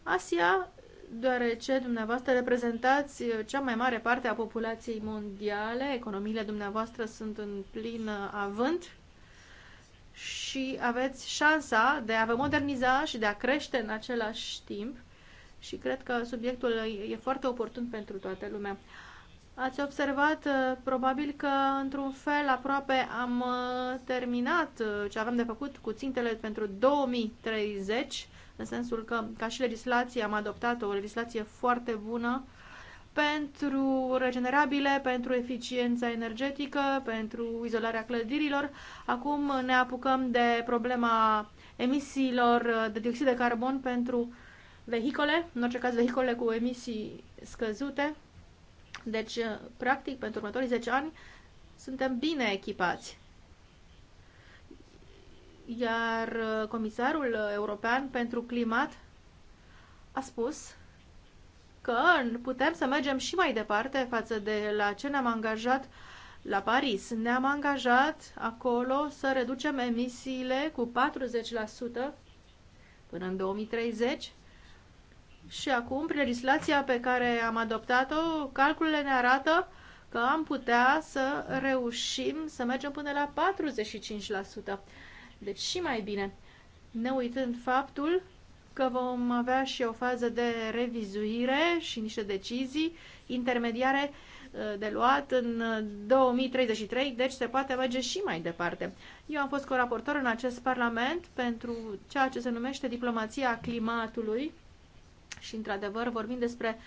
S3: Asia deoarece dumneavoastră reprezentați uh, cea mai mare parte a populației mondiale, economiile dumneavoastră sunt în plin uh, avânt și aveți șansa de a vă moderniza și de a crește în același timp și cred că subiectul uh, e foarte oportun pentru toată lumea. Ați observat probabil că într-un fel aproape am terminat ce avem de făcut cu țintele pentru 2030 în sensul că, ca și legislație, am adoptat o legislație foarte bună pentru regenerabile, pentru eficiența energetică, pentru izolarea clădirilor. Acum ne apucăm de problema emisiilor de dioxid de carbon pentru vehicole, în orice caz vehicole cu emisii scăzute. Deci, practic, pentru următorii 10 ani suntem bine echipați. Iar uh, comisarul uh, european pentru climat a spus că putem să mergem și mai departe față de la ce ne-am angajat la Paris. Ne-am angajat acolo să reducem emisiile cu 40% până în 2030 și acum, prin legislația pe care am adoptat-o, calculele ne arată că am putea să reușim să mergem până la 45% deci și mai bine, ne uitând faptul că vom avea și o fază de revizuire și niște decizii intermediare uh, de luat în 2033, uh, deci se poate merge și mai departe. Eu am fost coraportor în acest Parlament pentru ceea ce se numește diplomația climatului și, într-adevăr, vorbim despre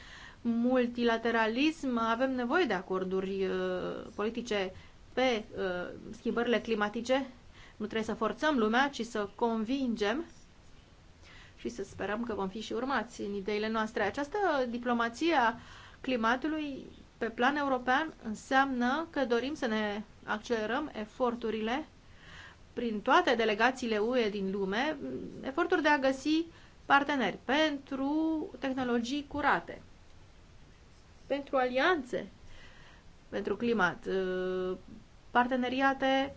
S3: multilateralism, avem nevoie de acorduri uh, politice pe schimbările climatice nu trebuie să forțăm lumea, ci să convingem și să sperăm că vom fi și urmați în ideile noastre. Această diplomație a climatului pe plan european înseamnă că dorim să ne accelerăm eforturile prin toate delegațiile UE din lume, eforturi de a găsi parteneri pentru tehnologii curate, pentru alianțe, pentru climat, parteneriate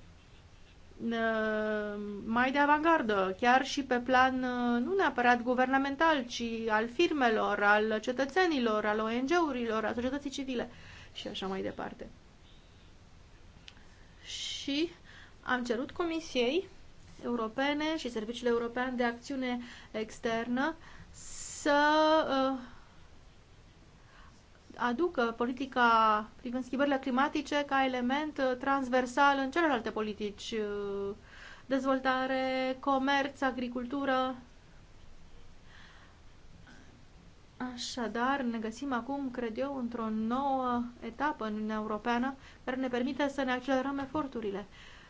S3: Uh, mai de avangardă, chiar și pe plan uh, nu neapărat guvernamental, ci al firmelor, al cetățenilor, al ONG-urilor, al societății civile și așa mai departe. Și am cerut Comisiei Europene și Serviciul European de Acțiune Externă să uh, aducă politica privind schimbările climatice ca element uh, transversal în celelalte politici, uh, dezvoltare, comerț, agricultură. Așadar, ne găsim acum, cred eu, într-o nouă etapă în Uniunea Europeană care ne permite să ne accelerăm eforturile.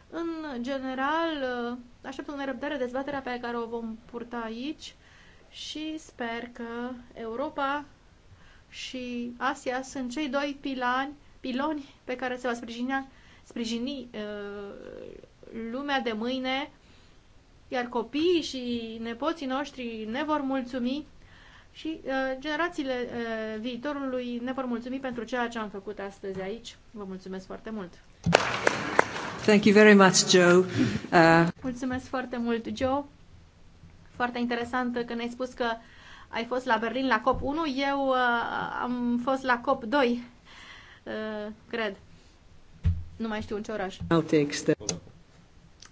S3: În general, uh, aștept cu nerăbdare dezbaterea pe care o vom purta aici și sper că Europa și Asia sunt cei doi pilani, piloni pe care se va sprijini, sprijini uh, lumea de mâine, iar copiii și nepoții noștri ne vor mulțumi și uh, generațiile uh, viitorului ne vor mulțumi pentru ceea ce am făcut astăzi aici. Vă mulțumesc foarte mult!
S2: Thank you very much, Joe. Uh...
S3: Mulțumesc foarte mult, Joe. Foarte interesant că ne-ai spus că uh, ai fost la Berlin la COP1, eu uh, am fost la COP2, uh, cred. Nu mai știu în ce oraș.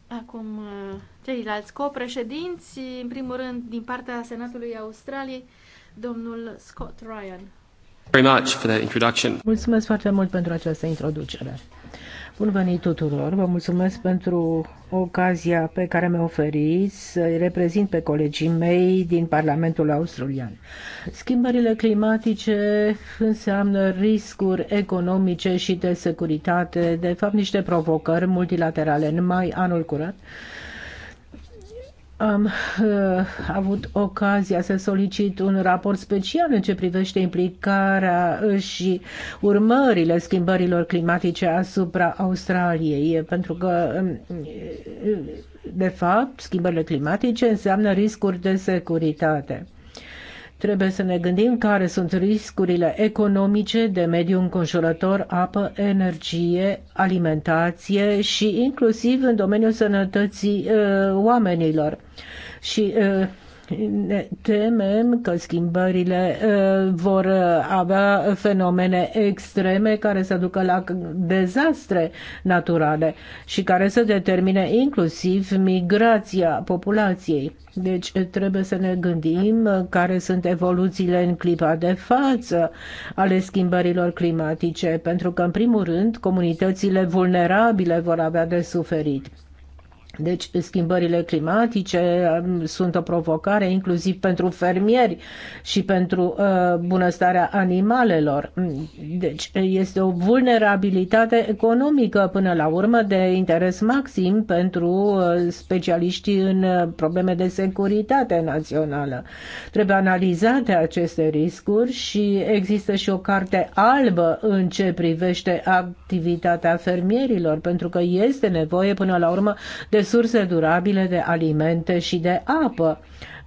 S3: Acum, uh, ceilalți copreședinți, în primul rând, din partea Senatului Australiei, domnul Scott Ryan. Very much for that introduction.
S2: Mulțumesc foarte mult pentru această introducere. Bun venit tuturor! Vă mulțumesc pentru ocazia pe care mi-o oferiți să reprezint pe colegii mei din Parlamentul Australian. Schimbările climatice înseamnă riscuri economice și de securitate, de fapt niște provocări multilaterale. În mai anul curat, am uh, avut ocazia să solicit un raport special în ce privește implicarea și urmările schimbărilor climatice asupra Australiei, pentru că um, de fapt, schimbările climatice înseamnă riscuri de securitate. Trebuie să ne gândim care sunt riscurile economice de mediu înconjurător, apă, energie, alimentație și inclusiv în domeniul sănătății uh, oamenilor. Și uh, ne temem că schimbările uh, vor uh, avea fenomene extreme care să ducă la dezastre naturale și care să determine inclusiv migrația populației. Deci trebuie să ne gândim uh, care sunt evoluțiile în clipa de față ale schimbărilor climatice, pentru că, în primul rând, comunitățile vulnerabile vor avea de suferit. Deci schimbările climatice um, sunt o provocare inclusiv pentru fermieri și pentru uh, bunăstarea animalelor. Deci este o vulnerabilitate economică până la urmă de interes maxim pentru uh, specialiștii în uh, probleme de securitate națională. Trebuie analizate aceste riscuri și există și o carte albă în ce privește activitatea fermierilor pentru că este nevoie până la urmă de surse durabile de alimente și de apă,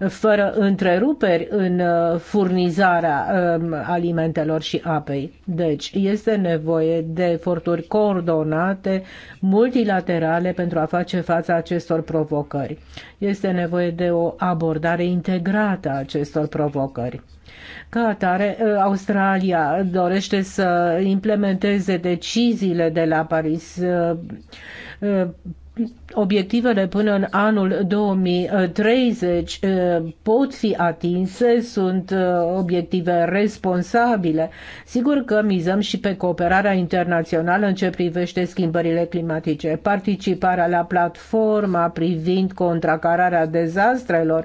S2: fără întreruperi în uh, furnizarea um, alimentelor și apei. Deci, este nevoie de eforturi coordonate, multilaterale pentru a face fața acestor provocări. Este nevoie de o abordare integrată a acestor provocări. Ca atare, uh, Australia dorește să implementeze deciziile de la Paris uh, obiectivele până în anul 2030 eh, pot fi atinse, sunt eh, obiective responsabile. Sigur că mizăm și pe cooperarea internațională în ce privește schimbările climatice, participarea la platforma privind contracararea dezastrelor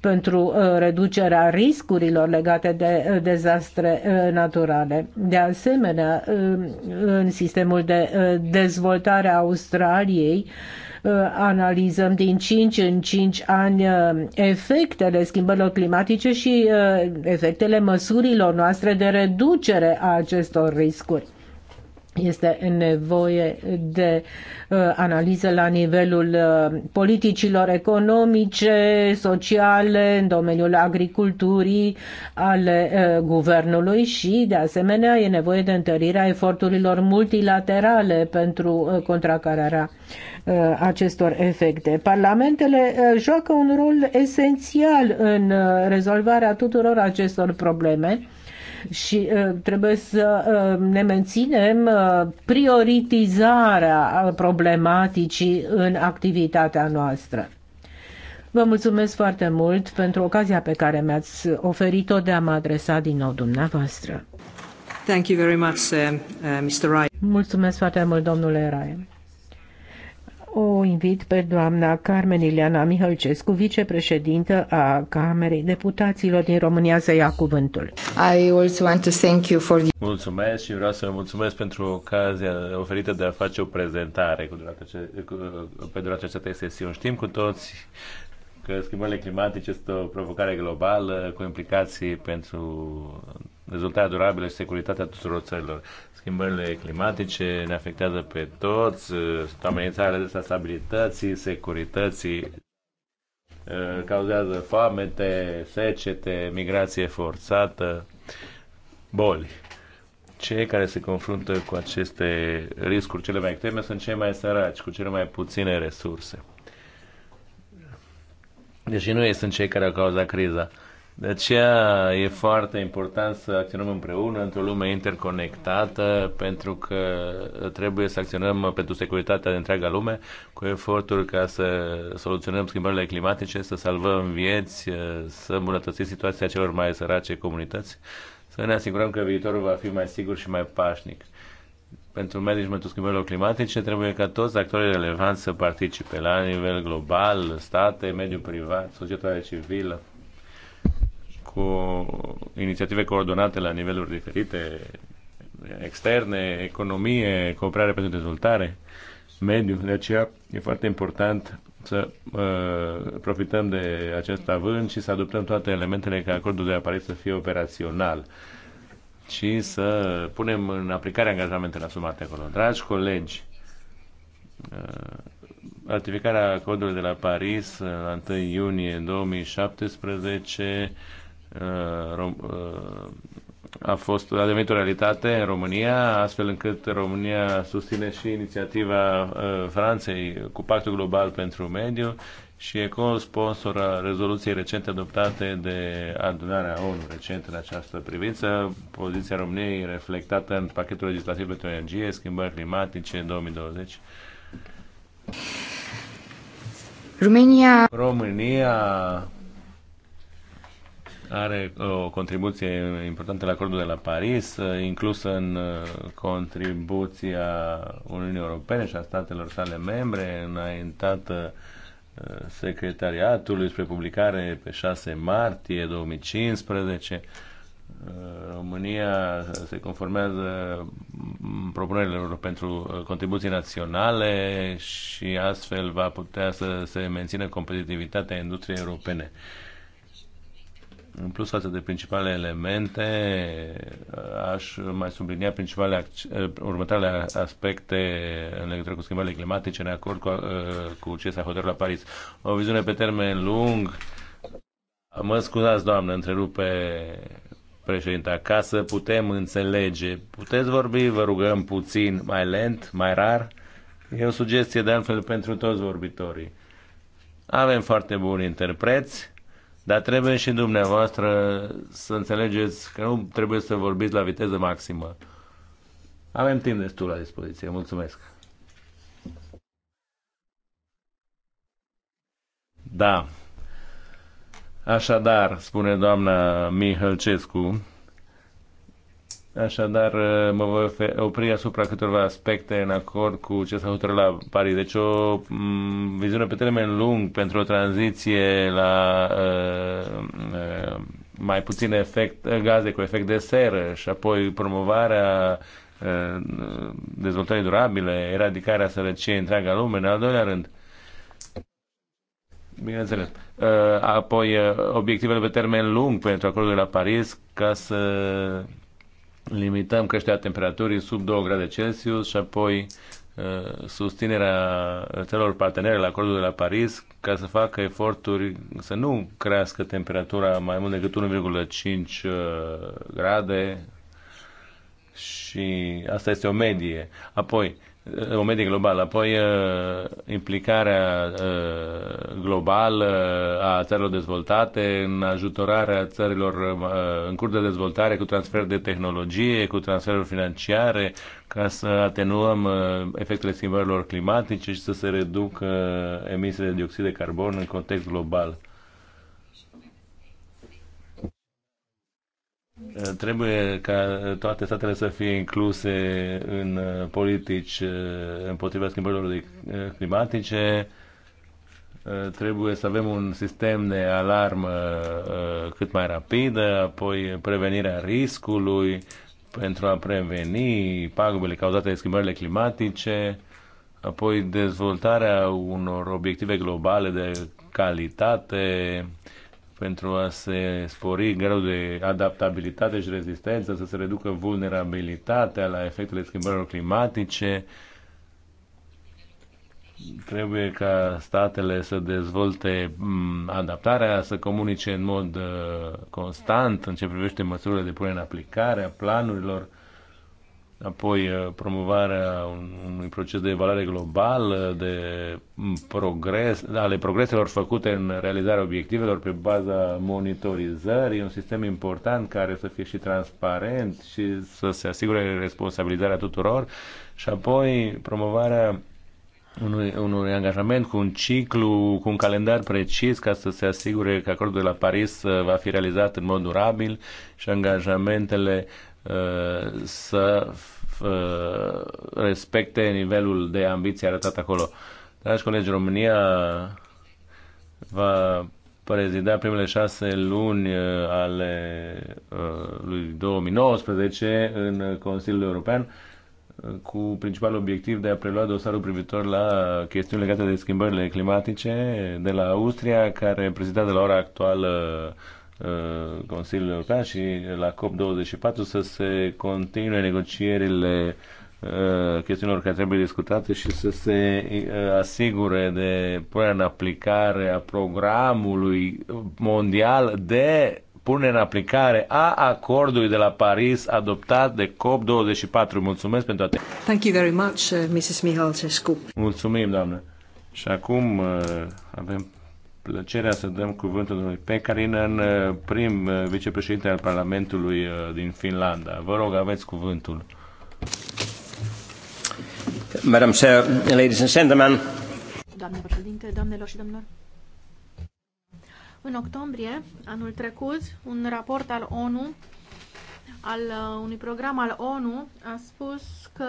S2: pentru eh, reducerea riscurilor legate de dezastre naturale. De asemenea, în sistemul de dezvoltare a Australiei, Uh, analizăm din 5 în 5 ani uh, efectele schimbărilor climatice și uh, efectele măsurilor noastre de reducere a acestor riscuri. Este nevoie de uh, analiză la nivelul uh, politicilor economice, sociale, în domeniul agriculturii, ale uh, guvernului și, de asemenea, e nevoie de întărirea eforturilor multilaterale pentru uh, contracararea uh, acestor efecte. Parlamentele uh, joacă un rol esențial în uh, rezolvarea tuturor acestor probleme și uh, trebuie să uh, ne menținem uh, prioritizarea problematicii în activitatea noastră. Vă mulțumesc foarte mult pentru ocazia pe care mi-ați oferit-o de a mă adresa din nou dumneavoastră. Thank you very much, uh, uh, Mr. Ryan. Mulțumesc foarte mult, domnule Ryan o invit pe doamna Carmen Ileana Mihălcescu, vicepreședintă a Camerei Deputaților din România, să ia cuvântul.
S3: I also want to thank you
S2: for...
S1: Mulțumesc și vreau să mulțumesc pentru ocazia oferită de a face o prezentare cu durata ce, cu, pe durata acestei sesiuni. Știm cu toți că schimbările climatice este o provocare globală cu implicații pentru dezvoltarea durabilă și securitatea tuturor țărilor. Schimbările climatice ne afectează pe toți, sunt amenințarea de stabilității, securității, eh, cauzează foamete, secete, migrație forțată, boli. Cei care se confruntă cu aceste riscuri cele mai extreme sunt cei mai săraci, cu cele mai puține resurse. Deși nu ei sunt cei care au cauzat criza. De aceea e foarte important să acționăm împreună într-o lume interconectată, pentru că trebuie să acționăm pentru securitatea de întreaga lume cu eforturi ca să soluționăm schimbările climatice, să salvăm vieți, să îmbunătățim situația celor mai sărace comunități, să ne asigurăm că viitorul va fi mai sigur și mai pașnic. Pentru managementul schimbărilor climatice trebuie ca toți actorii relevanți să participe la nivel global, state, mediul privat, societatea civilă cu inițiative coordonate la niveluri diferite, externe, economie, cooperare pentru dezvoltare, mediu. De aceea e foarte important să uh, profităm de acest avânt și să adoptăm toate elementele ca acordul de la Paris să fie operațional și să punem în aplicare angajamentele asumate acolo. Dragi colegi, uh, ratificarea acordului de la Paris uh, la 1 iunie 2017 Uh, uh, a fost a devenit o realitate în România, astfel încât România susține și inițiativa uh, Franței cu Pactul Global pentru Mediu și e co-sponsor a rezoluției recente adoptate de adunarea ONU recent în această privință. Poziția României reflectată în pachetul legislativ pentru energie, schimbări climatice în 2020. România România are o contribuție importantă la acordul de la Paris, uh, inclusă în uh, contribuția Uniunii Europene și a statelor sale membre, înaintată uh, secretariatului spre publicare pe 6 martie 2015. România se conformează propunerilor pentru contribuții naționale și astfel va putea să se mențină competitivitatea industriei europene. În plus față de principalele elemente, aș mai sublinia principalele, eh, următoarele aspecte în legătură cu schimbările climatice, în acord cu, eh, cu ce s-a hotărât la Paris. O viziune pe termen lung. Mă scuzați, doamnă, întrerupe președinte, ca să putem înțelege. Puteți vorbi, vă rugăm, puțin mai lent, mai rar? E o sugestie de altfel pentru toți vorbitorii. Avem foarte buni interpreți dar trebuie și dumneavoastră să înțelegeți că nu trebuie să vorbiți la viteză maximă. Avem timp destul la dispoziție. Mulțumesc! Da. Așadar, spune doamna Mihălcescu, Așadar, uh, mă voi opri asupra câteva aspecte în acord cu ce s-a hotărât la Paris. Deci o mm, viziune pe termen lung pentru o tranziție la uh, uh, mai puțin efect, uh, gaze cu efect de seră și apoi promovarea uh, dezvoltării durabile, eradicarea sărăciei întreaga lume, în al doilea rând. Bineînțeles. Uh, apoi obiectivele pe termen lung pentru acordul de la Paris ca să limităm creșterea temperaturii sub 2 grade Celsius și apoi uh, susținerea celor partenere la acordul de la Paris ca să facă eforturi să nu crească temperatura mai mult decât 1,5 uh, grade și asta este o medie. Apoi, o medie globală, apoi uh, implicarea uh, globală a țărilor dezvoltate în ajutorarea țărilor uh, în curs de dezvoltare cu transfer de tehnologie, cu transferuri financiare, ca să atenuăm efectele schimbărilor climatice și să se reducă emisiile de dioxid de carbon în context global. Trebuie ca toate statele să fie incluse în uh, politici uh, împotriva schimbărilor uh, climatice. Trebuie să avem un sistem de alarmă cât mai rapidă, apoi prevenirea riscului pentru a preveni pagubele cauzate de schimbările climatice, apoi dezvoltarea unor obiective globale de calitate, pentru a se spori gradul de adaptabilitate și rezistență, să se reducă vulnerabilitatea la efectele schimbărilor climatice. Trebuie ca statele să dezvolte mm, adaptarea, să comunice în mod uh, constant în ce privește măsurile de punere în aplicare a planurilor apoi uh, promovarea unui proces de evaluare global uh, de progres, ale progreselor făcute în realizarea obiectivelor pe baza monitorizării, un sistem important care să fie și transparent și să se asigure responsabilizarea tuturor și apoi promovarea unui, unui angajament cu un ciclu, cu un calendar precis ca să se asigure că acordul de la Paris uh, va fi realizat în mod durabil și angajamentele să Uh, respecte nivelul de ambiție arătat acolo. Dragi colegi, România va prezida primele șase luni uh, ale uh, lui 2019 în Consiliul European cu principalul obiectiv de a prelua dosarul privitor la chestiuni legate de schimbările climatice de la Austria, care prezida de la ora actuală Uh, Consiliul European și la COP24 să se continue negocierile uh, chestiunilor care trebuie discutate și să se uh, asigure de punerea în aplicare a programului mondial de pune în aplicare a acordului de la Paris adoptat de COP24. Mulțumesc pentru toate. Thank you very much, Mrs. Mihalcescu. Mulțumim, doamnă. Și acum avem plăcerea să dăm cuvântul domnului Pekarinen, uh, prim uh, vicepreședinte al Parlamentului uh, din Finlanda. Vă rog, aveți cuvântul. Madam Chair, ladies and gentlemen.
S3: Doamne președinte, doamnelor și domnilor. În octombrie anul trecut, un raport al ONU, al unui program al ONU, a spus că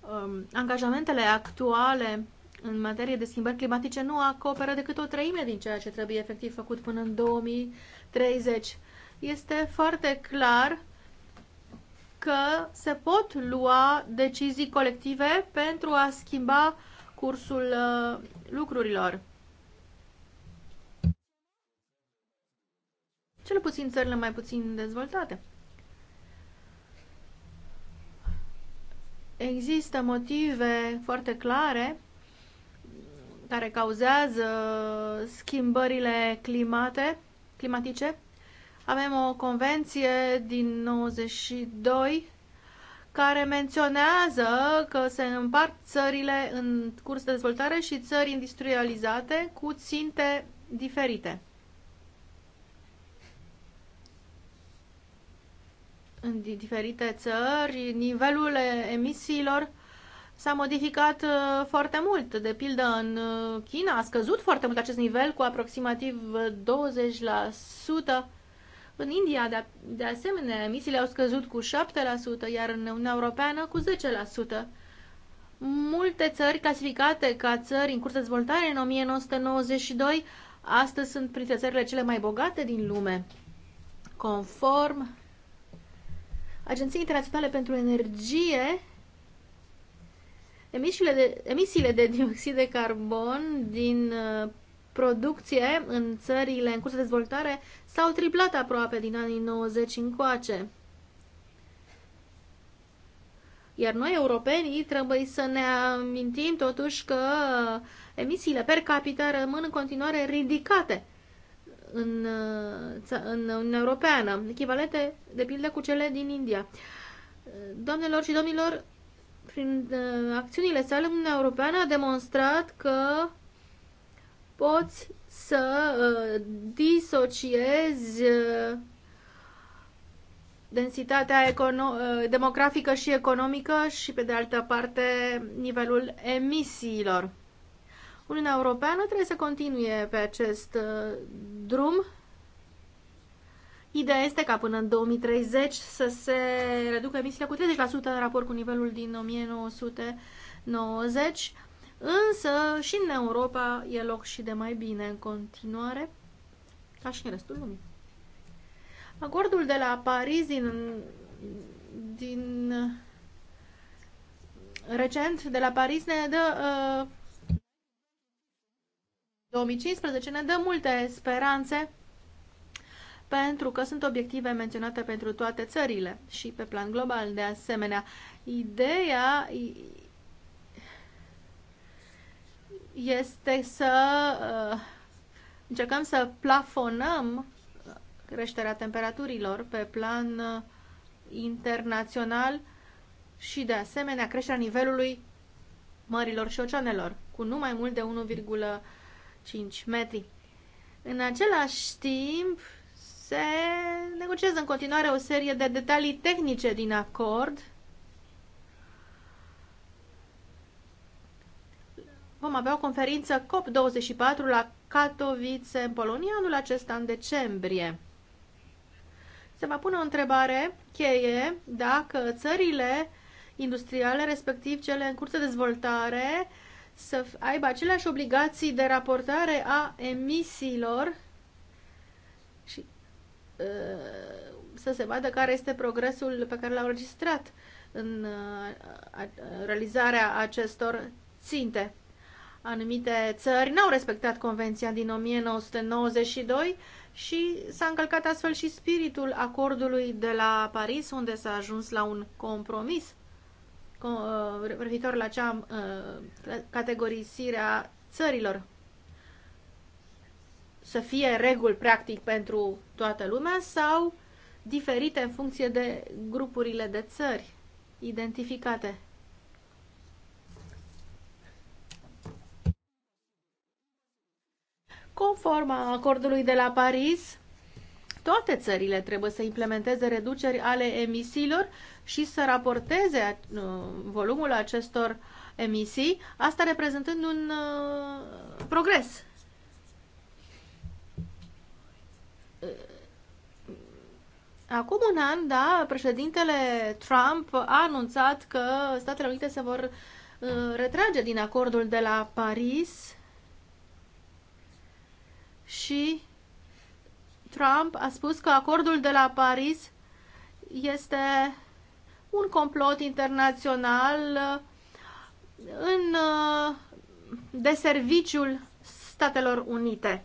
S3: um, angajamentele actuale în materie de schimbări climatice nu acoperă decât o treime din ceea ce trebuie efectiv făcut până în 2030. Este foarte clar că se pot lua decizii colective pentru a schimba cursul uh, lucrurilor. Cel puțin țările mai puțin dezvoltate. Există motive foarte clare care cauzează schimbările climate, climatice. Avem o convenție din 92 care menționează că se împart țările în curs de dezvoltare și țări industrializate cu ținte diferite. În diferite țări, nivelul emisiilor s-a modificat uh, foarte mult. De pildă, în uh, China a scăzut foarte mult acest nivel cu aproximativ 20%. Uh, în India, de, de asemenea, emisiile au scăzut cu 7%, iar în Uniunea Europeană cu 10%. Multe țări clasificate ca țări în curs de dezvoltare în 1992 astăzi sunt printre țările cele mai bogate din lume. Conform Agenției Internaționale pentru Energie, Emisiile de, emisiile de dioxid de carbon din uh, producție în țările în curs de dezvoltare s-au triplat aproape din anii 90 încoace. Iar noi, europenii, trebuie să ne amintim totuși că emisiile per capita rămân în continuare ridicate în, uh, în în Europeană, echivalente de pildă cu cele din India. Doamnelor și domnilor, prin uh, acțiunile sale, Uniunea Europeană a demonstrat că poți să uh, disociezi uh, densitatea demografică și economică și, pe de altă parte, nivelul emisiilor. Uniunea Europeană trebuie să continue pe acest drum Ideea este ca până în 2030 să se reducă emisiile cu 30% în raport cu nivelul din 1990, însă și în Europa e loc și de mai bine în continuare, ca și în restul lumii. Acordul de la Paris din, din recent de la Paris ne dă uh, 2015 ne dă multe speranțe pentru că sunt obiective menționate pentru toate țările și pe plan global de asemenea. Ideea este să uh, încercăm să plafonăm uh, creșterea temperaturilor pe plan uh, internațional și de asemenea creșterea nivelului mărilor și oceanelor cu nu mai mult de 1,5 metri. În același timp, se negociază în continuare o serie de detalii tehnice din acord. Vom avea o conferință COP24 la Katowice, în Polonia, anul acesta, în decembrie. Se va pune o întrebare cheie dacă țările industriale, respectiv cele în curs de dezvoltare, să aibă aceleași obligații de raportare a emisiilor și Uh, să se vadă care este progresul pe care l-au registrat în uh, realizarea acestor ținte. Anumite țări n-au respectat convenția din 1992 și s-a încălcat astfel și spiritul acordului de la Paris, unde s-a ajuns la un compromis uh, referitor la cea categorisire a țărilor să fie reguli practic pentru toată lumea sau diferite în funcție de grupurile de țări identificate. Conform acordului de la Paris, toate țările trebuie să implementeze reduceri ale emisiilor și să raporteze uh, volumul acestor emisii, asta reprezentând un uh, progres Acum un an, da, președintele Trump a anunțat că Statele Unite se vor uh, retrage din acordul de la Paris și Trump a spus că acordul de la Paris este un complot internațional uh, în uh, deserviciul Statelor Unite.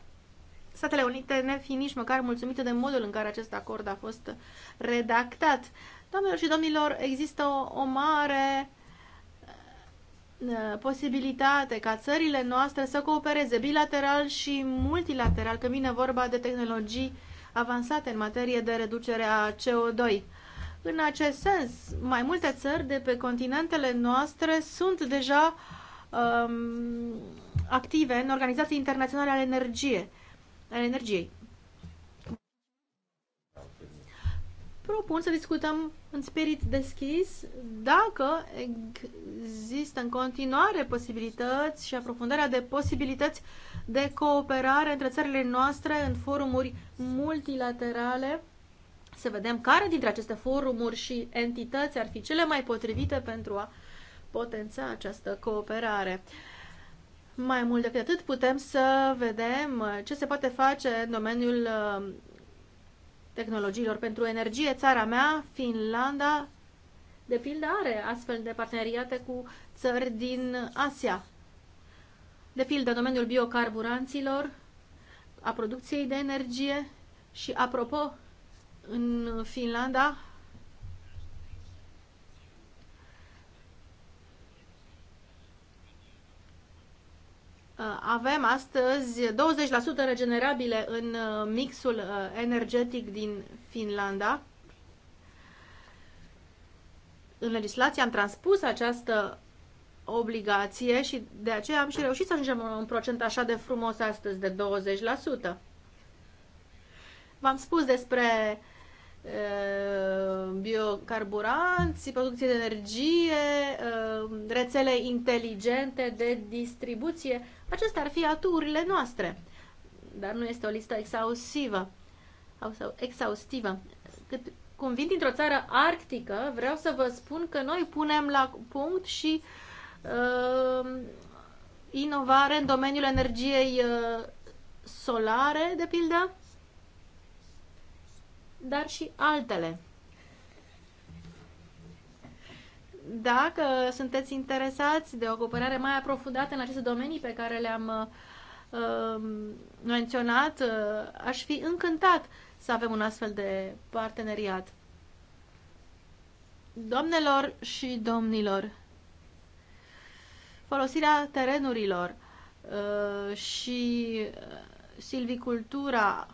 S3: Statele Unite ne fi nici măcar mulțumite de modul în care acest acord a fost redactat. Doamnelor și domnilor, există o, o mare uh, posibilitate ca țările noastre să coopereze bilateral și multilateral, când vine vorba de tehnologii avansate în materie de reducere a CO2. În acest sens, mai multe țări de pe continentele noastre sunt deja um, active în organizații internaționale ale energiei al energiei. Propun să discutăm în spirit deschis dacă există în continuare posibilități și aprofundarea de posibilități de cooperare între țările noastre în forumuri multilaterale să vedem care dintre aceste forumuri și entități ar fi cele mai potrivite pentru a potența această cooperare. Mai mult decât atât, putem să vedem uh, ce se poate face în domeniul uh, tehnologiilor pentru energie. Țara mea, Finlanda, de pildă are astfel de parteneriate cu țări din Asia. De pildă, domeniul biocarburanților, a producției de energie și, apropo, în Finlanda Uh, avem astăzi 20% regenerabile în uh, mixul uh, energetic din Finlanda. În legislație am transpus această obligație și de aceea am și reușit să ajungem un procent așa de frumos astăzi de 20%. V-am spus despre Ehm, biocarburanți, producție de energie, ehm, rețele inteligente de distribuție. Acestea ar fi aturile noastre. Dar nu este o listă exhaustivă. exhaustivă. Cât, cum vin dintr-o țară arctică, vreau să vă spun că noi punem la punct și uh, inovare în domeniul energiei uh, solare, de pildă, dar și altele. Dacă sunteți interesați de o cooperare mai aprofundată în aceste domenii pe care le-am uh, menționat, uh, aș fi încântat să avem un astfel de parteneriat. Doamnelor și domnilor, folosirea terenurilor uh, și uh, silvicultura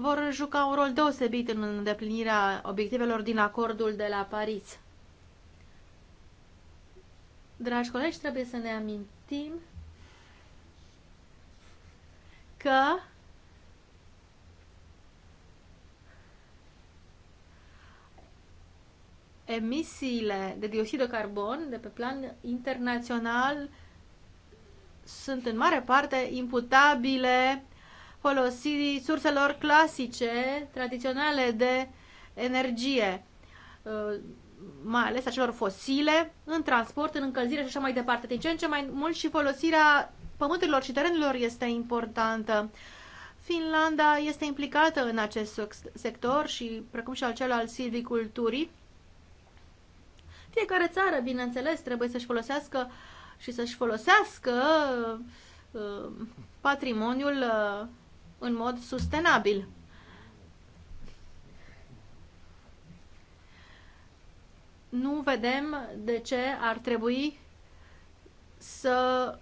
S3: vor juca un rol deosebit în îndeplinirea obiectivelor din acordul de la Paris. Dragi colegi, trebuie să ne amintim că emisiile de dioxid de carbon de pe plan internațional sunt în mare parte imputabile folosirii surselor clasice, tradiționale de energie, uh, mai ales a celor fosile, în transport, în încălzire și așa mai departe. Din ce în ce mai mult și folosirea pământurilor și terenurilor este importantă. Finlanda este implicată în acest sector și precum și al cel al silviculturii. Fiecare țară, bineînțeles, trebuie să-și folosească și să-și folosească uh, patrimoniul uh, în mod sustenabil. Nu vedem de ce ar trebui să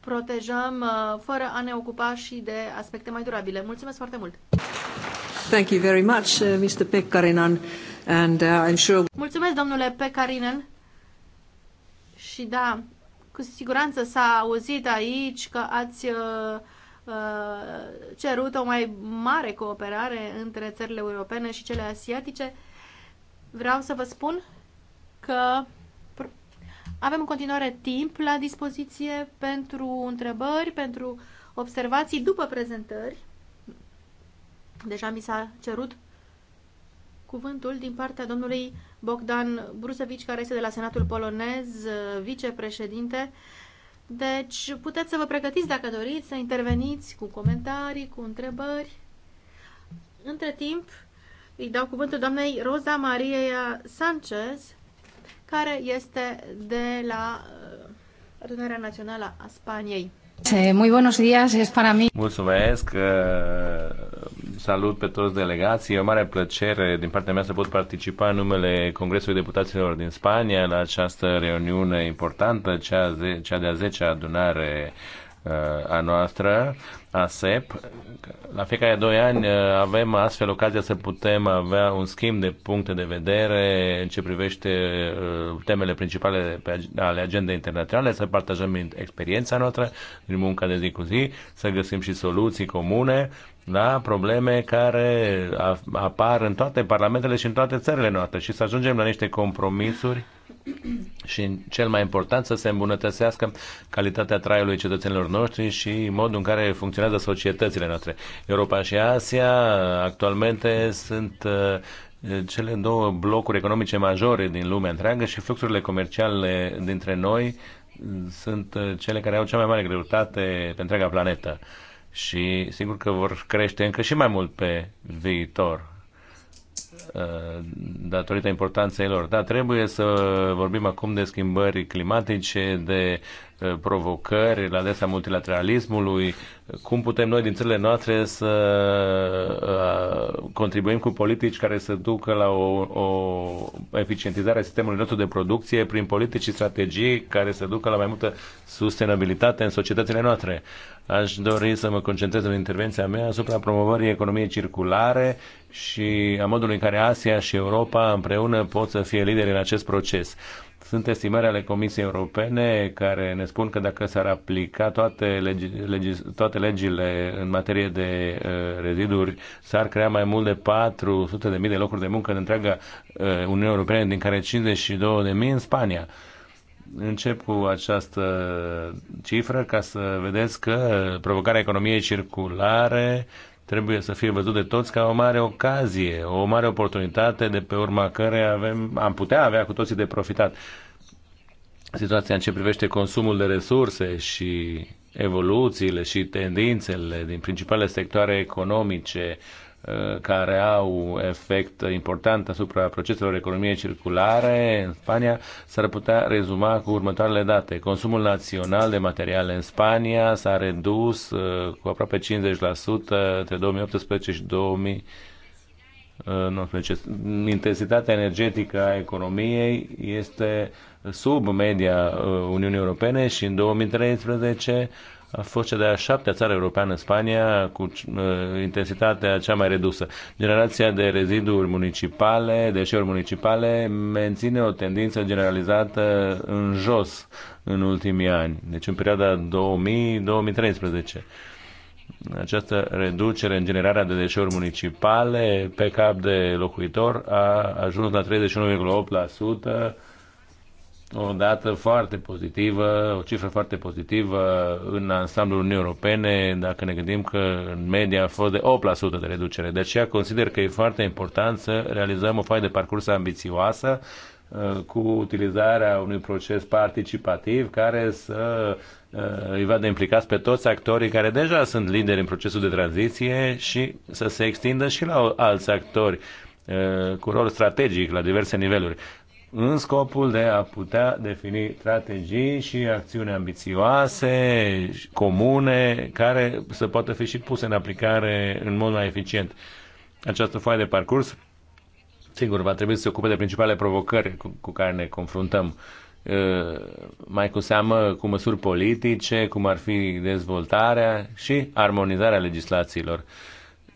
S3: protejăm uh, fără a ne ocupa și de aspecte mai durabile. Mulțumesc foarte mult!
S2: Thank you very much, uh, Mr. Pekkarinen, and uh, I'm sure...
S3: Mulțumesc, domnule Pekkarinen. Și da, cu siguranță s-a auzit aici că ați uh, uh, cerut o mai mare cooperare între țările europene și cele asiatice. Vreau să vă spun că avem în continuare timp la dispoziție pentru întrebări, pentru observații după prezentări. Deja mi s-a cerut cuvântul din partea domnului Bogdan Brusevici, care este de la Senatul polonez, vicepreședinte. Deci puteți să vă pregătiți dacă doriți să interveniți cu comentarii, cu întrebări. Între timp, îi dau cuvântul doamnei Rosa Maria Sanchez, care este de la Adunarea uh, Națională a Spaniei.
S1: Eh, muy buenos días, es para mí. Mulțumesc, eh, salut pe toți delegații. E o mare plăcere din partea mea să pot participa în numele Congresului Deputaților din Spania la această reuniune importantă, cea de-a 10-a adunare Eh, a noastră, ASEP. La fiecare doi ani eh, avem astfel ocazia să putem avea un schimb de puncte de vedere în ce privește eh, temele principale ale agendei internaționale, să partajăm experiența noastră din munca de zi cu zi, să găsim și soluții comune da, probleme care apar în toate parlamentele și în toate țările noastre și să ajungem la niște compromisuri și cel mai important să se îmbunătățească calitatea traiului cetățenilor noștri și modul în care funcționează societățile noastre. Europa și Asia actualmente sunt eh, cele două blocuri economice majore din lumea întreagă și fluxurile comerciale dintre noi sunt eh, cele care au cea mai mare greutate pe întreaga planetă și sigur că vor crește încă și mai mult pe viitor uh, datorită importanței lor. Dar trebuie să vorbim acum de schimbări climatice, de Uh, provocări la adresa multilateralismului, cum putem noi din țările noastre să uh, contribuim cu politici care să ducă la o, o eficientizare a sistemului nostru de producție prin politici și strategii care să ducă la mai multă sustenabilitate în societățile noastre. Aș dori să mă concentrez în intervenția mea asupra promovării economiei circulare și a modului în care Asia și Europa împreună pot să fie lideri în acest proces. Sunt estimări ale Comisiei Europene care ne spun că dacă s-ar aplica toate, legi, legi, toate legile în materie de uh, reziduri, s-ar crea mai mult de 400.000 de locuri de muncă în întreaga uh, Uniune Europeană, din care 52.000 în Spania. Încep cu această cifră ca să vedeți că provocarea economiei circulare trebuie să fie văzut de toți ca o mare ocazie, o mare oportunitate de pe urma care avem, am putea avea cu toții de profitat. Situația în ce privește consumul de resurse și evoluțiile și tendințele din principalele sectoare economice, Uh, care au efect important asupra proceselor economiei circulare în Spania s-ar putea rezuma cu următoarele date. Consumul național de materiale în Spania s-a redus uh, cu aproape 50% între 2018 și 2019. intensitatea energetică a economiei este sub media uh, Uniunii Europene și în 2013 a fost cea de-a șaptea țară europeană, Spania, cu uh, intensitatea cea mai redusă. Generația de reziduri municipale, deșeuri municipale, menține o tendință generalizată în jos în ultimii ani, deci în perioada 2000-2013 această reducere în generarea de deșeuri municipale pe cap de locuitor a ajuns la 31,8% o dată foarte pozitivă, o cifră foarte pozitivă în ansamblul Uniunii Europene, dacă ne gândim că în media a fost de 8% de reducere. De aceea consider că e foarte important să realizăm o foaie de parcurs ambițioasă uh, cu utilizarea unui proces participativ care să uh, îi vadă implicați pe toți actorii care deja sunt lideri în procesul de tranziție și să se extindă și la alți actori uh, cu rol strategic la diverse niveluri în scopul de a putea defini strategii și acțiuni ambițioase, comune, care să poată fi și puse în aplicare în mod mai eficient. Această foaie de parcurs, sigur, va trebui să se ocupe de principalele provocări cu, cu care ne confruntăm mai cu seamă cu măsuri politice, cum ar fi dezvoltarea și armonizarea legislațiilor.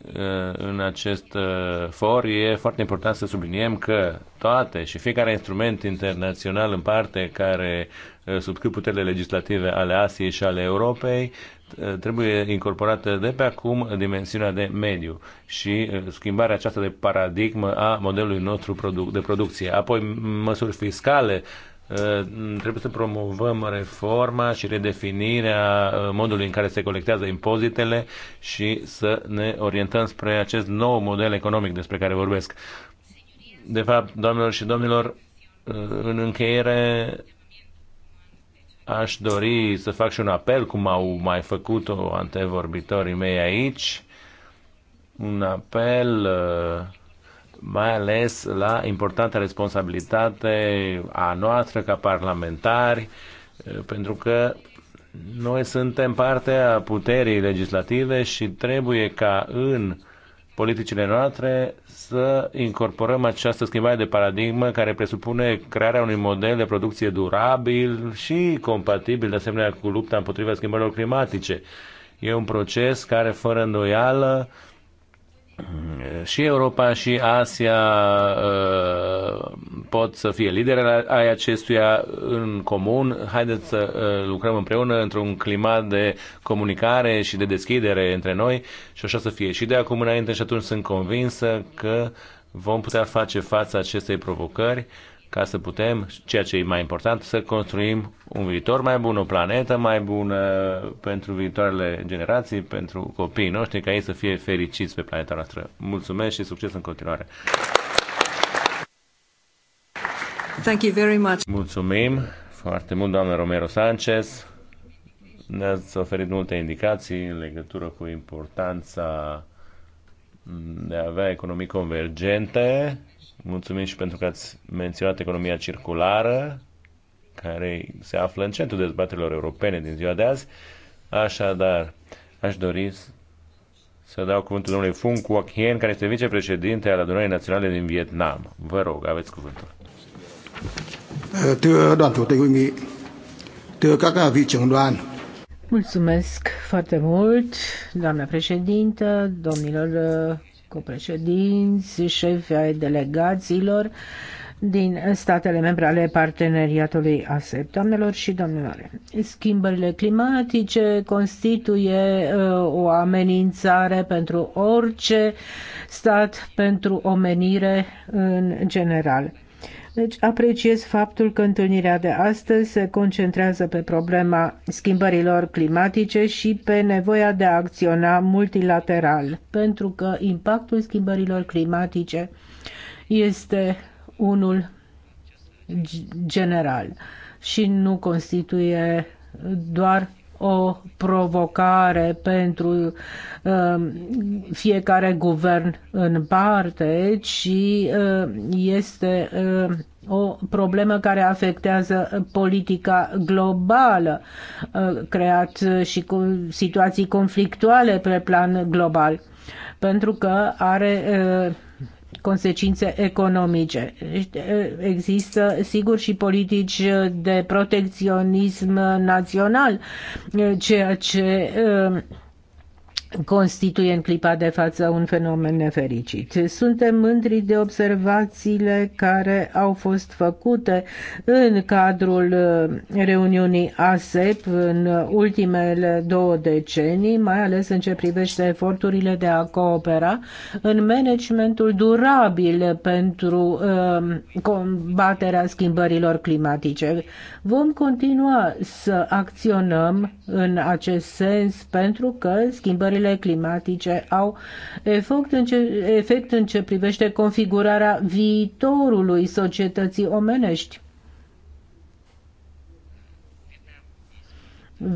S1: Uh, în acest uh, for, e foarte important să subliniem că toate și fiecare instrument internațional în parte care uh, subscriu puterile legislative ale Asiei și ale Europei trebuie incorporată de pe acum dimensiunea de mediu și schimbarea aceasta de paradigmă a modelului nostru de producție. Apoi măsuri fiscale Uh, trebuie să promovăm reforma și redefinirea uh, modului în care se colectează impozitele și să ne orientăm spre acest nou model economic despre care vorbesc. De fapt, doamnelor și domnilor, uh, în încheiere aș dori să fac și un apel, cum au mai făcut-o antevorbitorii mei aici, un apel uh, mai ales la importanta responsabilitate a noastră ca parlamentari, eh, pentru că noi suntem parte a puterii legislative și trebuie ca în politicile noastre să incorporăm această schimbare de paradigmă care presupune crearea unui model de producție durabil și compatibil de asemenea cu lupta împotriva schimbărilor climatice. E un proces care fără îndoială și Europa și Asia uh, pot să fie lideri ai acestuia în comun. Haideți să uh, lucrăm împreună într-un climat de comunicare și de deschidere între noi și așa să fie. Și de acum înainte și atunci sunt convinsă că vom putea face față acestei provocări ca să putem, ceea ce e mai important, să construim un viitor mai bun, o planetă mai bună pentru viitoarele generații, pentru copiii noștri, ca ei să fie fericiți pe planeta noastră. Mulțumesc și succes în continuare!
S2: Thank you very much.
S1: Mulțumim foarte mult, doamnă Romero Sanchez. Ne-ați oferit multe indicații în legătură cu importanța de a avea economii convergente Mulțumim și pentru că ați menționat economia circulară, care se află în centrul dezbaterilor europene din ziua de azi. Așadar, aș dori să dau cuvântul domnului Fung Quoc Hien, care este vicepreședinte al Adunării Naționale din Vietnam. Vă rog, aveți cuvântul.
S2: Mulțumesc foarte mult, doamna președintă, domnilor cu președinți, șefi ai delegațiilor din statele membre ale parteneriatului ASEP. Doamnelor și domnilor, schimbările climatice constituie uh, o amenințare pentru orice stat, pentru omenire în general deci apreciez faptul că întâlnirea de astăzi se concentrează pe problema schimbărilor climatice și pe nevoia de a acționa multilateral, pentru că impactul schimbărilor climatice este unul general și nu constituie doar o provocare pentru uh, fiecare guvern în parte, ci uh, este uh, o problemă care afectează politica globală, uh, creat și cu situații conflictuale pe plan global, pentru că are uh, consecințe economice. Uh, există, sigur, și politici de protecționism național, ceea ce constituie în clipa de față un fenomen nefericit. Suntem mândri de observațiile care au fost făcute în cadrul uh, reuniunii ASEP în ultimele două decenii, mai ales în ce privește eforturile de a coopera în managementul durabil pentru um, combaterea schimbărilor climatice. Vom continua să acționăm în acest sens pentru că schimbările schimbările climatice au efect în, ce, efect în ce privește configurarea viitorului societății omenești.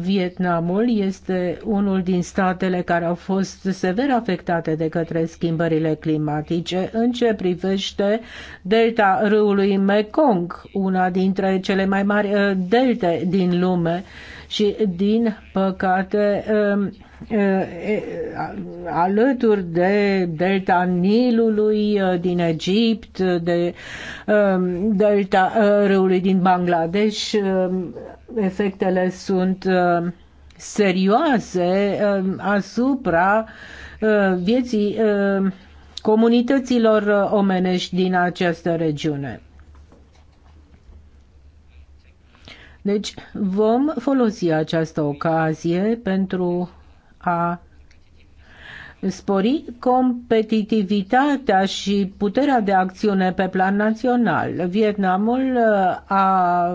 S2: Vietnamul este unul din statele care au fost sever afectate de către schimbările climatice în ce privește delta râului Mekong, una dintre cele mai mari uh, delte din lume și din păcate um, alături de delta Nilului din Egipt, de delta râului din Bangladesh, efectele sunt serioase asupra vieții comunităților omenești din această regiune. Deci vom folosi această ocazie pentru a spori competitivitatea și puterea de acțiune pe plan național. Vietnamul uh, a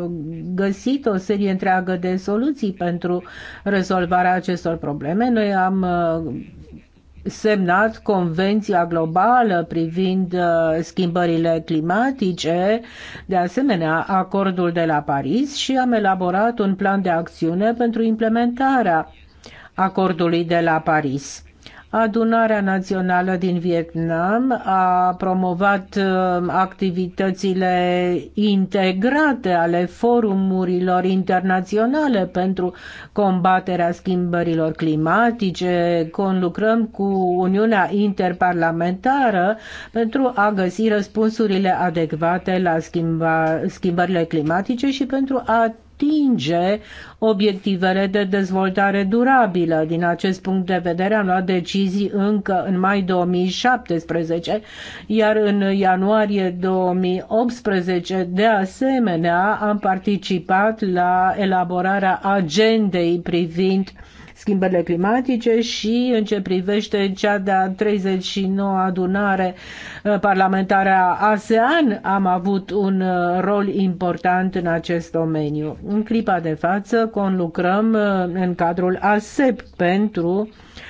S2: găsit o serie întreagă de soluții pentru rezolvarea acestor probleme. Noi am uh, semnat Convenția Globală privind uh, schimbările climatice, de asemenea acordul de la Paris și am elaborat un plan de acțiune pentru implementarea acordului de la Paris. Adunarea Națională din Vietnam a promovat uh, activitățile integrate ale forumurilor internaționale pentru combaterea schimbărilor climatice. Conlucrăm cu Uniunea Interparlamentară pentru a găsi răspunsurile adecvate la schimbările climatice și pentru a atinge obiectivele de dezvoltare durabilă. Din acest punct de vedere am luat decizii încă în mai 2017, iar în ianuarie 2018 de asemenea am participat la elaborarea agendei privind uh, schimbările climatice și în ce privește cea de-a 39-a adunare uh, parlamentară a ASEAN, am avut un uh, rol important în acest domeniu. În clipa de față conlucrăm uh, în cadrul ASEP pentru uh,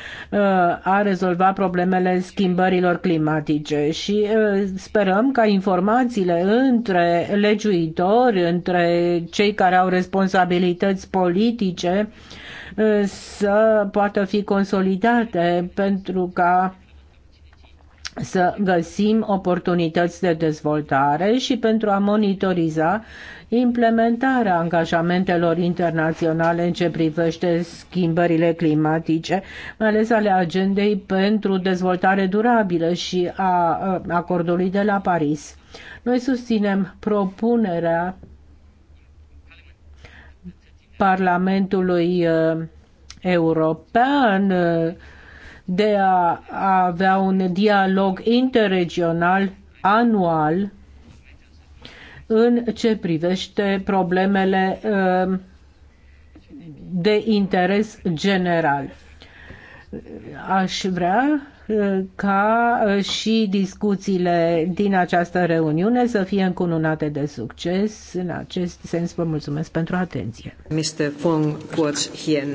S2: a rezolva problemele schimbărilor climatice și uh, sperăm ca informațiile între legiuitori, între cei care au responsabilități politice uh, să poată fi consolidate pentru ca să găsim oportunități de dezvoltare și pentru a monitoriza implementarea angajamentelor internaționale în ce privește schimbările climatice, mai ales ale agendei pentru dezvoltare durabilă și a acordului de la Paris. Noi susținem propunerea Parlamentului uh, European uh, de a avea un dialog interregional anual în ce privește problemele um, de interes general. Aș vrea ca uh, și discuțiile din această reuniune să fie încununate de succes. În acest sens vă mulțumesc pentru atenție. Mr. Fung Hien.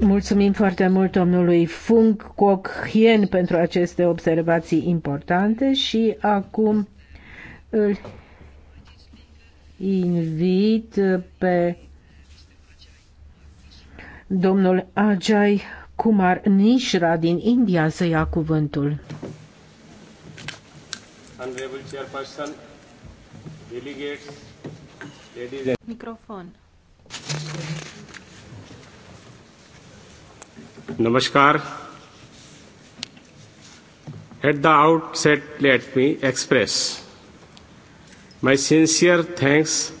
S2: Mulțumim foarte mult domnului Fung Kok Hien pentru aceste observații importante și acum îl invit pe domnul Ajay Kumar Nishra din India să ia cuvântul.
S3: Microfon.
S1: Namaskar. At the outset, let me express my sincere thanks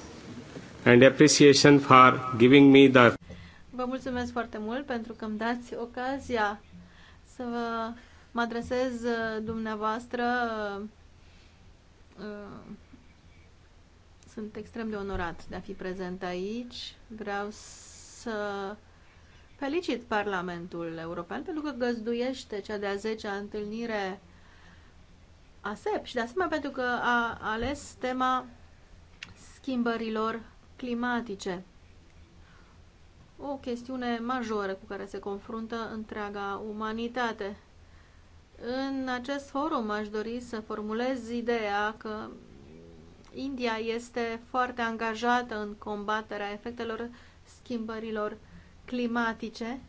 S1: and appreciation for giving me the
S3: Vă mulțumesc foarte mult pentru că îmi dați ocazia să vă mă adresez uh, dumneavoastră. Uh, uh, sunt extrem de onorat de a fi prezent aici. Vreau să felicit Parlamentul European pentru că găzduiește cea de-a 10-a întâlnire a SEP și de asemenea pentru că a ales tema schimbărilor climatice o chestiune majoră cu care se confruntă întreaga umanitate. În acest forum aș dori să formulez ideea că India este foarte angajată în combaterea efectelor schimbărilor climatice.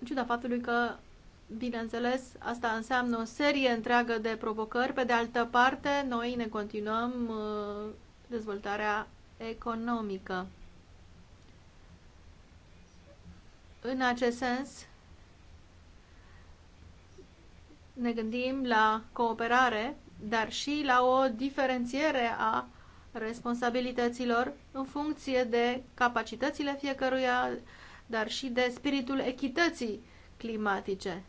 S3: În ciuda faptului că Bineînțeles, asta înseamnă o serie întreagă de provocări. Pe de altă parte, noi ne continuăm uh, dezvoltarea economică. În acest sens, ne gândim la cooperare, dar și la o diferențiere a responsabilităților în funcție de capacitățile fiecăruia, dar și de spiritul echității climatice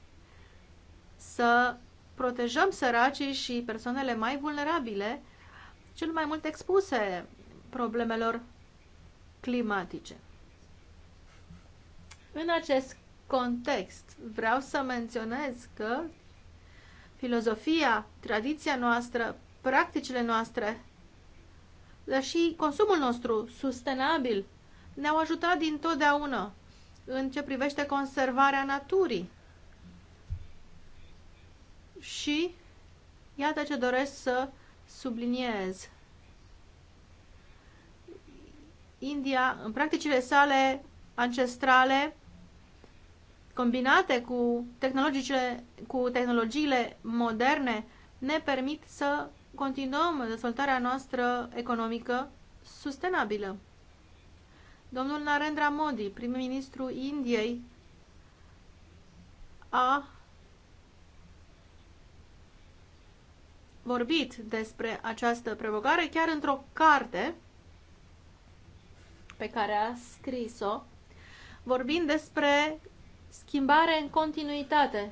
S3: să protejăm săracii și persoanele mai vulnerabile, cel mai mult expuse problemelor climatice. În acest context, vreau să menționez că filozofia, tradiția noastră, practicile noastre, dar și consumul nostru sustenabil ne-au ajutat dintotdeauna în ce privește conservarea naturii și iată ce doresc să subliniez. India, în practicile sale ancestrale, combinate cu, tehnologicile, cu tehnologiile moderne, ne permit să continuăm dezvoltarea noastră economică sustenabilă. Domnul Narendra Modi, prim-ministru Indiei, a vorbit despre această provocare chiar într-o carte pe care a scris-o, vorbind despre schimbare în continuitate.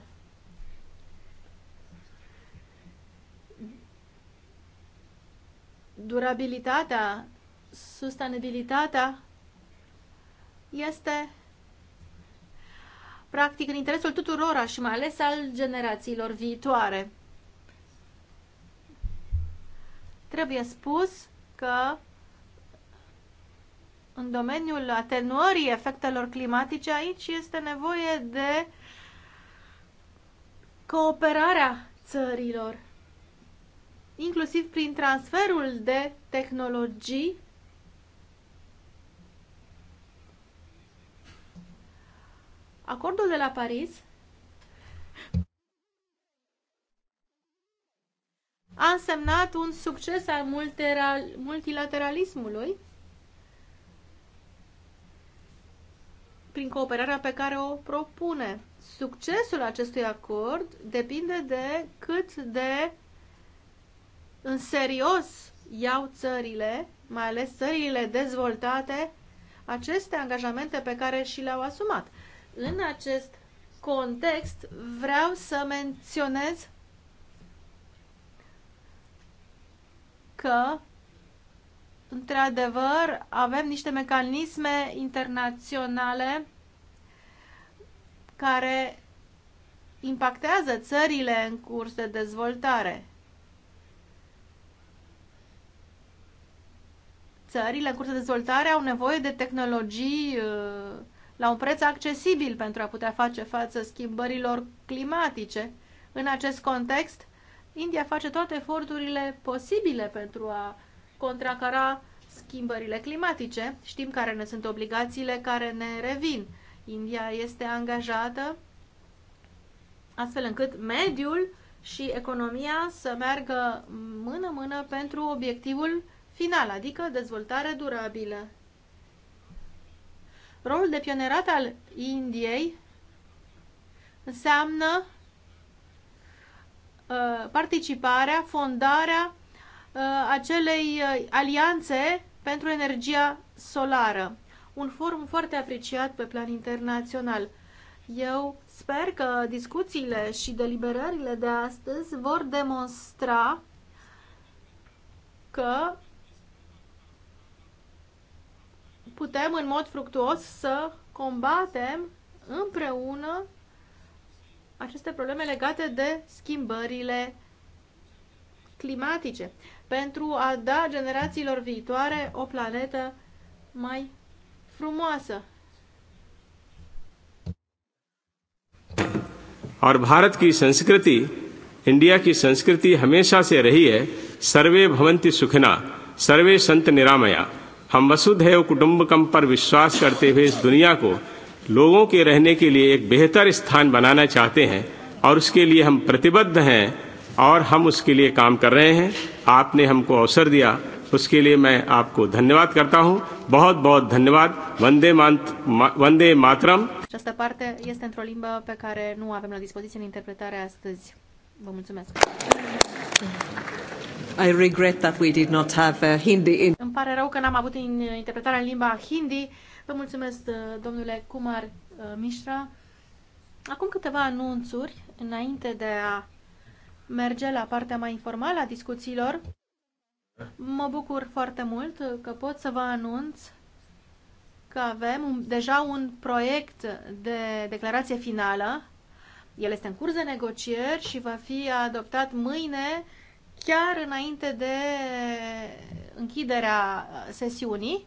S3: Durabilitatea, sustenabilitatea este practic în interesul tuturora și mai ales al generațiilor viitoare. Trebuie spus că în domeniul atenuării efectelor climatice aici este nevoie de cooperarea țărilor, inclusiv prin transferul de tehnologii Acordul de la Paris a însemnat un succes al multilateralismului prin cooperarea pe care o propune. Succesul acestui acord depinde de cât de în serios iau țările, mai ales țările dezvoltate, aceste angajamente pe care și le-au asumat. În acest context vreau să menționez că într-adevăr avem niște mecanisme internaționale care impactează țările în curs de dezvoltare. Țările în curs de dezvoltare au nevoie de tehnologii uh, la un preț accesibil pentru a putea face față schimbărilor climatice. În acest context, India face toate eforturile posibile pentru a contracara schimbările climatice. Știm care ne sunt obligațiile care ne revin. India este angajată astfel încât mediul și economia să meargă mână-mână pentru obiectivul final, adică dezvoltare durabilă. Rolul de pionerat al Indiei înseamnă Uh, participarea, fondarea uh, acelei uh, alianțe pentru energia solară. Un forum foarte apreciat pe plan internațional. Eu sper că discuțiile și deliberările de astăzi vor demonstra că putem în mod fructuos să combatem împreună aceste probleme legate de schimbările climatice, pentru a da generațiilor viitoare o planetă mai frumoasă.
S1: और भारत की संस्कृति इंडिया की संस्कृति हमेशा से रही है सर्वे भवंती सुखना सर्वे संत निरामया हम वसुधैव कुटुंबकम पर विश्वास करते हुए इस दुनिया को लोगों के रहने के लिए एक बेहतर स्थान बनाना चाहते हैं और उसके लिए हम प्रतिबद्ध हैं और हम उसके लिए काम कर रहे हैं आपने हमको अवसर दिया उसके लिए मैं आपको धन्यवाद करता हूँ बहुत बहुत धन्यवाद वंदे वंदे Mataram
S3: Această parte este într-o limbă pe care nu avem la dispoziție în interpretare astăzi. Vă mulțumesc.
S2: I regret that we did not have uh, Hindi in... Îmi
S3: pare rău că n-am avut interpretarea în limba Hindi. Vă mulțumesc, uh, domnule Kumar uh, Mishra. Acum câteva anunțuri, înainte de a merge la partea mai informală a discuțiilor. Mă bucur foarte mult că pot să vă anunț că avem un, deja un proiect de declarație finală. El este în curs de negocieri și va fi adoptat mâine, chiar înainte de închiderea sesiunii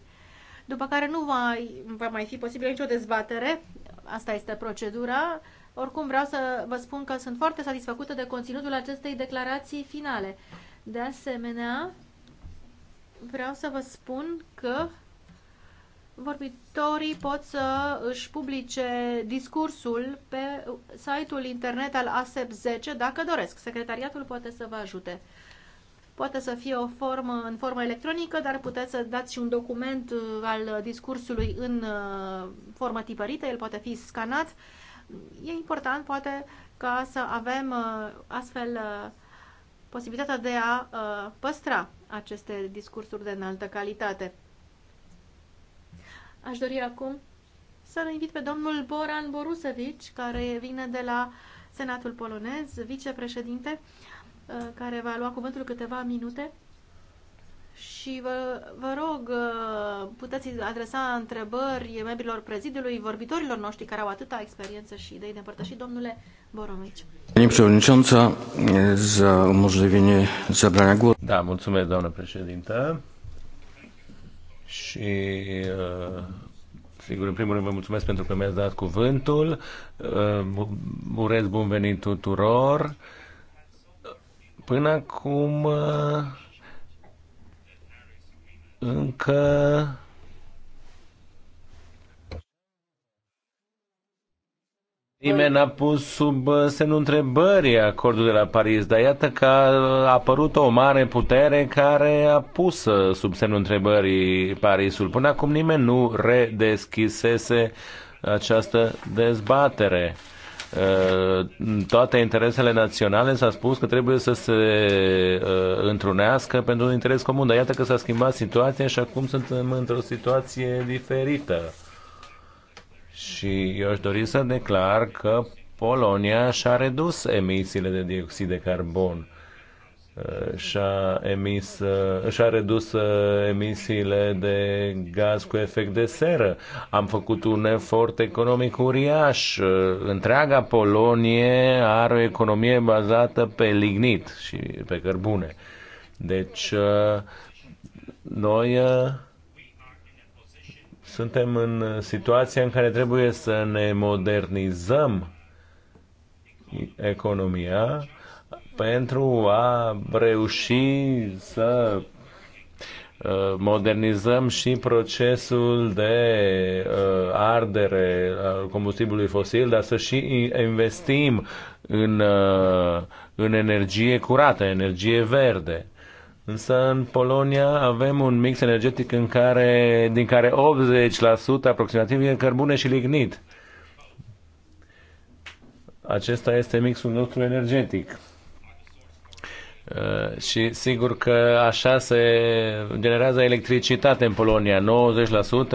S3: după care nu va, va mai fi posibil nicio dezbatere. Asta este procedura. Oricum vreau să vă spun că sunt foarte satisfăcută de conținutul acestei declarații finale. De asemenea, vreau să vă spun că vorbitorii pot să își publice discursul pe site-ul internet al ASEP 10 dacă doresc. Secretariatul poate să vă ajute. Poate să fie o formă, în formă electronică, dar puteți să dați și un document uh, al discursului în uh, formă tipărită, el poate fi scanat. E important, poate, ca să avem uh, astfel posibilitatea de a păstra aceste discursuri de înaltă calitate. Aș dori acum să-l invit pe domnul Boran Borusevici, care vine de la Senatul polonez, vicepreședinte Uh, care va lua cuvântul câteva minute și vă, vă rog, uh, puteți adresa întrebări membrilor prezidiului, vorbitorilor noștri care au atâta experiență și idei de împărtășit. Domnule Boromici.
S1: Da, mulțumesc, doamnă președintă. Și uh, Sigur, în primul rând vă mulțumesc pentru că mi-ați dat cuvântul. Urez bun venit tuturor. Până acum uh, încă Nimeni n-a pus sub uh, semnul întrebării acordul de la Paris, dar iată că a apărut o mare putere care a pus uh, sub semnul întrebării Parisul. Până acum nimeni nu redeschisese această dezbatere toate interesele naționale s-a spus că trebuie să se uh, întrunească pentru un interes comun. Dar iată că s-a schimbat situația și acum suntem într-o situație diferită. Și eu aș dori să declar că Polonia și-a redus emisiile de dioxid de carbon și-a emis, și-a redus uh, emisiile de gaz cu efect de seră. Am făcut un efort economic uriaș. Întreaga Polonie are o economie bazată pe lignit și pe cărbune. Deci, uh, noi uh, suntem în situația în care trebuie să ne modernizăm economia pentru a reuși să uh, modernizăm și procesul de uh, ardere al combustibilului fosil, dar să și investim în, uh, în energie curată, energie verde. Însă în Polonia avem un mix energetic în care, din care 80% aproximativ e cărbune și lignit. Acesta este mixul nostru energetic. Uh, și sigur că așa se generează electricitate în Polonia, 90%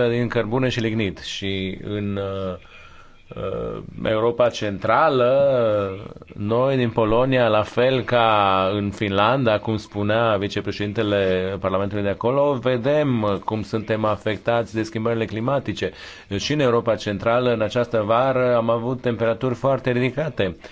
S1: din cărbune și lignit. Și în uh, uh, Europa Centrală, noi din Polonia, la fel ca în Finlanda, cum spunea vicepreședintele Parlamentului de acolo, vedem cum suntem afectați de schimbările climatice. Și în Europa Centrală, în această vară, am avut temperaturi foarte ridicate. Uh,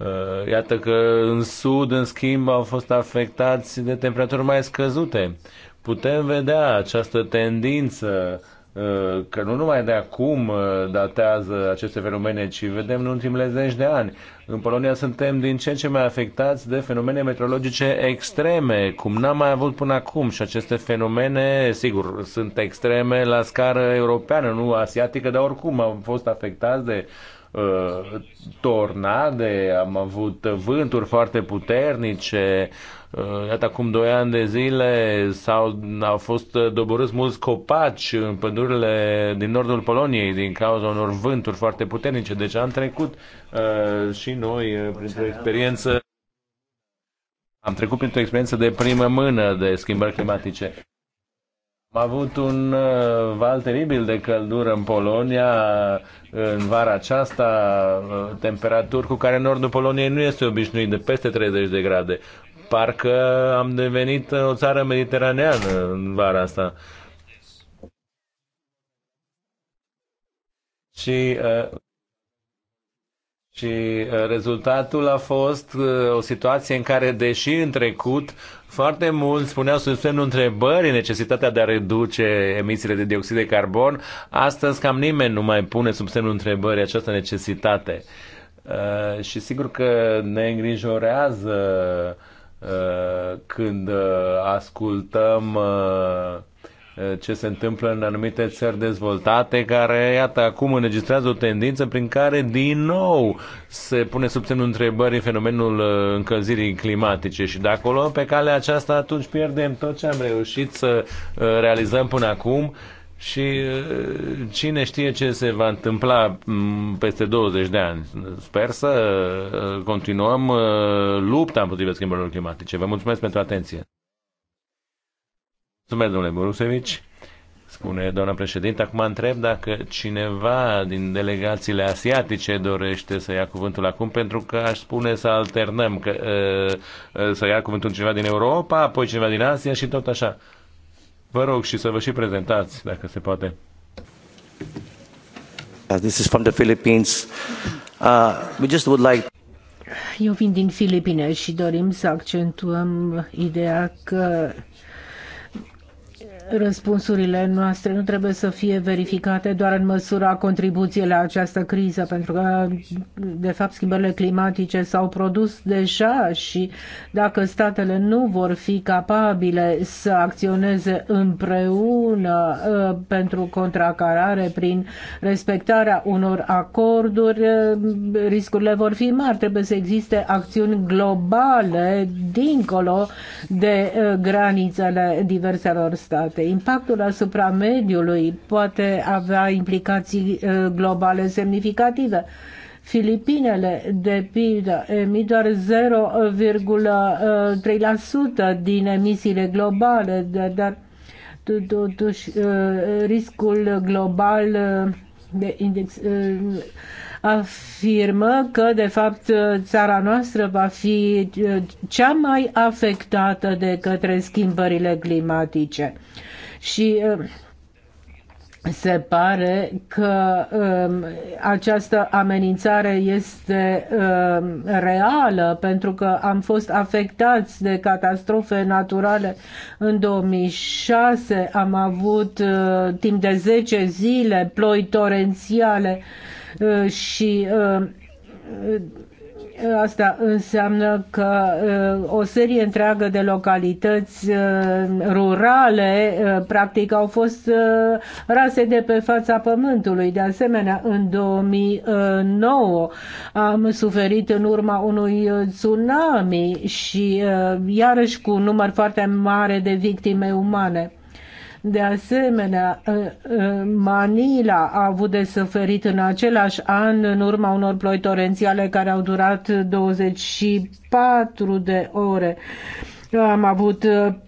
S1: Uh, iată că în sud, în schimb, au fost afectați de temperaturi mai scăzute. Putem vedea această tendință uh, că nu numai de acum uh, datează aceste fenomene, ci vedem în ultimele zeci de ani. În Polonia suntem din ce în ce mai afectați de fenomene meteorologice extreme, cum n-am mai avut până acum și aceste fenomene, sigur, sunt extreme la scară europeană, nu asiatică, dar oricum am fost afectați de uh, Uh, tornade, am avut vânturi foarte puternice, uh, Iată, acum doi ani de zile s-au, au fost doborâți mulți copaci în pădurile din nordul Poloniei din cauza unor vânturi foarte puternice. Deci am trecut uh, și noi uh, printr-o experiență am trecut printr-o experiență de primă mână de schimbări climatice. Am avut un uh, val teribil de căldură în Polonia în vara aceasta, uh, temperaturi cu care nordul Poloniei nu este obișnuit, de peste 30 de grade. Parcă am devenit o țară mediteraneană în vara asta. Și uh, și rezultatul a fost o situație în care, deși în trecut foarte mult spuneau sub semnul întrebării necesitatea de a reduce emisiile de dioxid de carbon. Astăzi cam nimeni nu mai pune sub semnul întrebării această necesitate. Uh, și sigur că ne îngrijorează uh, când uh, ascultăm uh, ce se întâmplă în anumite țări dezvoltate, care, iată, acum înregistrează o tendință prin care, din nou, se pune sub semnul întrebării fenomenul uh, încălzirii climatice și de acolo, pe calea aceasta, atunci pierdem tot ce am reușit să uh, realizăm până acum și uh, cine știe ce se va întâmpla mm, peste 20 de ani. Sper să continuăm lupta împotriva schimbărilor climatice. Vă mulțumesc pentru atenție. Mulțumesc, domnule Borusevici Spune doamna președinte, acum întreb dacă cineva din delegațiile asiatice dorește să ia cuvântul acum, pentru că aș spune să alternăm, că, ă, ă, să ia cuvântul cineva din Europa, apoi cineva din Asia și tot așa. Vă rog și să vă și prezentați, dacă se poate. Uh, this is from the Philippines. Uh, we just would like
S3: eu vin
S2: din Filipine și dorim să accentuăm ideea că răspunsurile noastre nu trebuie să fie verificate doar în măsura contribuției la această criză, pentru că, de fapt, schimbările climatice s-au produs deja și dacă statele nu vor fi capabile să acționeze împreună uh, pentru contracarare prin respectarea unor acorduri, uh, riscurile vor fi mari. Trebuie să existe acțiuni globale dincolo de uh, granițele diverselor state departe. Impactul asupra mediului poate avea implicații globale semnificative. Filipinele, de pildă, emit doar 0,3% din emisiile globale, dar totuși riscul global de index afirmă că, de fapt, țara noastră va fi cea mai afectată de către schimbările climatice și um, se pare că um, această amenințare este um, reală pentru că am fost afectați de catastrofe naturale în 2006, am avut uh, timp de 10 zile ploi torențiale uh, și uh, Asta înseamnă că uh, o serie întreagă de localități uh, rurale uh, practic au fost rase de pe fața pământului. De asemenea, în 2009 am suferit în urma unui tsunami și iarăși cu număr foarte mare de victime umane. De asemenea, ă, ă, Manila a avut de suferit în același an în urma unor ploi torențiale care au durat 24 de ore. Am avut ă,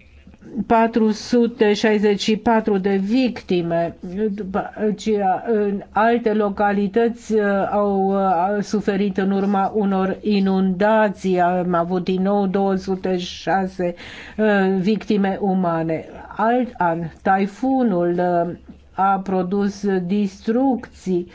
S2: 464 de victime, după aceea în alte localități uh, au uh, suferit în urma unor inundații, am avut din nou 206 uh, victime umane. Alt an, taifunul a produs distrucții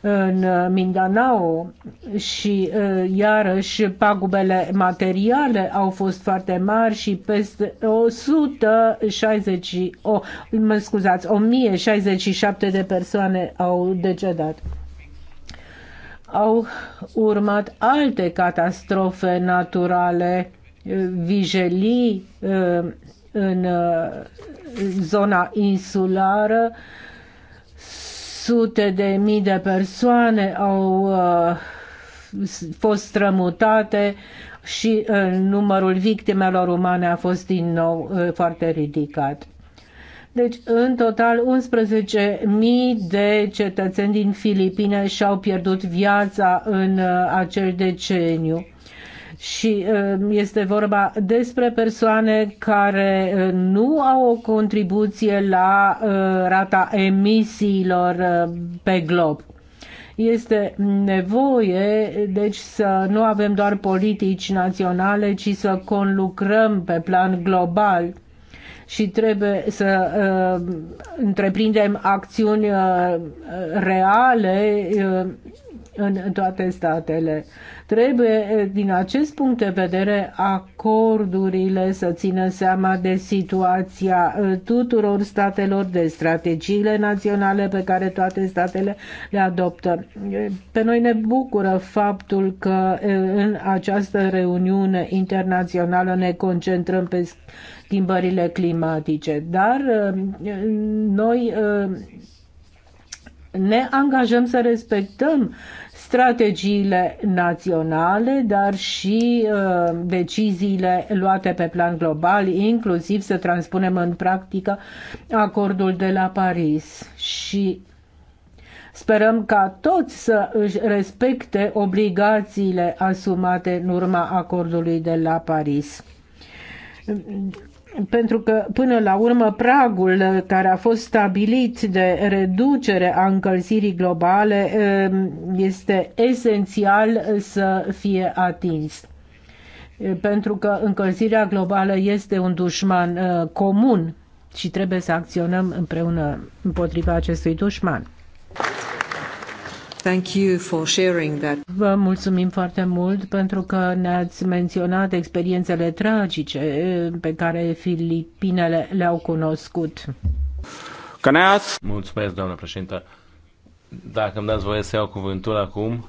S2: în Mindanao și iarăși pagubele materiale au fost foarte mari și peste 160 o, mă scuzați, 1067 de persoane au decedat au urmat alte catastrofe naturale, vijelii în zona insulară sute de mii de persoane au uh, fost strămutate și uh, numărul victimelor umane a fost din nou uh, foarte ridicat. Deci, în total, 11.000 de cetățeni din Filipine și-au pierdut viața în acel deceniu și uh, este vorba despre persoane care uh, nu au o contribuție la uh, rata emisiilor pe glob. Este nevoie, deci, să nu avem doar politici naționale, ci să conlucrăm pe plan global și trebuie să uh, întreprindem acțiuni uh, reale uh, în toate statele. Trebuie, din acest punct de vedere, acordurile să țină seama de situația uh, tuturor statelor, de strategiile naționale pe care toate statele le adoptă. Pe noi ne bucură faptul că uh, în această reuniune internațională ne concentrăm pe schimbările climatice, dar uh, noi ne angajăm să respectăm strategiile naționale, dar și uh, deciziile luate pe plan global, inclusiv să transpunem în practică acordul de la Paris. Și Sperăm ca toți să își respecte obligațiile asumate în urma acordului de la Paris pentru că până la urmă pragul care a fost stabilit de reducere a încălzirii globale ehm, este esențial să fie atins. Pentru că încălzirea globală este un dușman comun și trebuie să acționăm împreună împotriva acestui dușman. Thank you for sharing that. Vă mulțumim foarte mult pentru că ne-ați menționat experiențele tragice eh, pe care Filipinele le-au
S1: cunoscut. Caneas! Mulțumesc, doamnă președintă. Dacă îmi dați voie să iau cuvântul acum,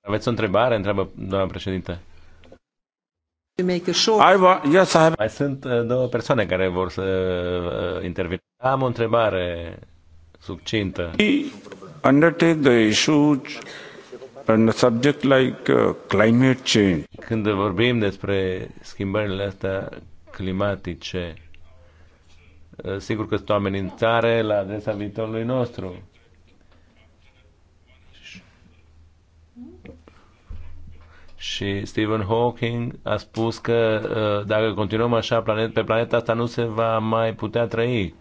S1: aveți o întrebare? Întreabă doamna președintă. Mai sunt eh, două persoane care vor să eh, intervină. Am o întrebare succintă undertake the issues and the subject like uh, climate change. Când vorbim despre schimbările astea climatice, uh, sigur că sunt o amenințare la adresa viitorului nostru. Și Stephen Hawking a spus că uh, dacă continuăm așa pe planeta asta nu se va mai putea trăi.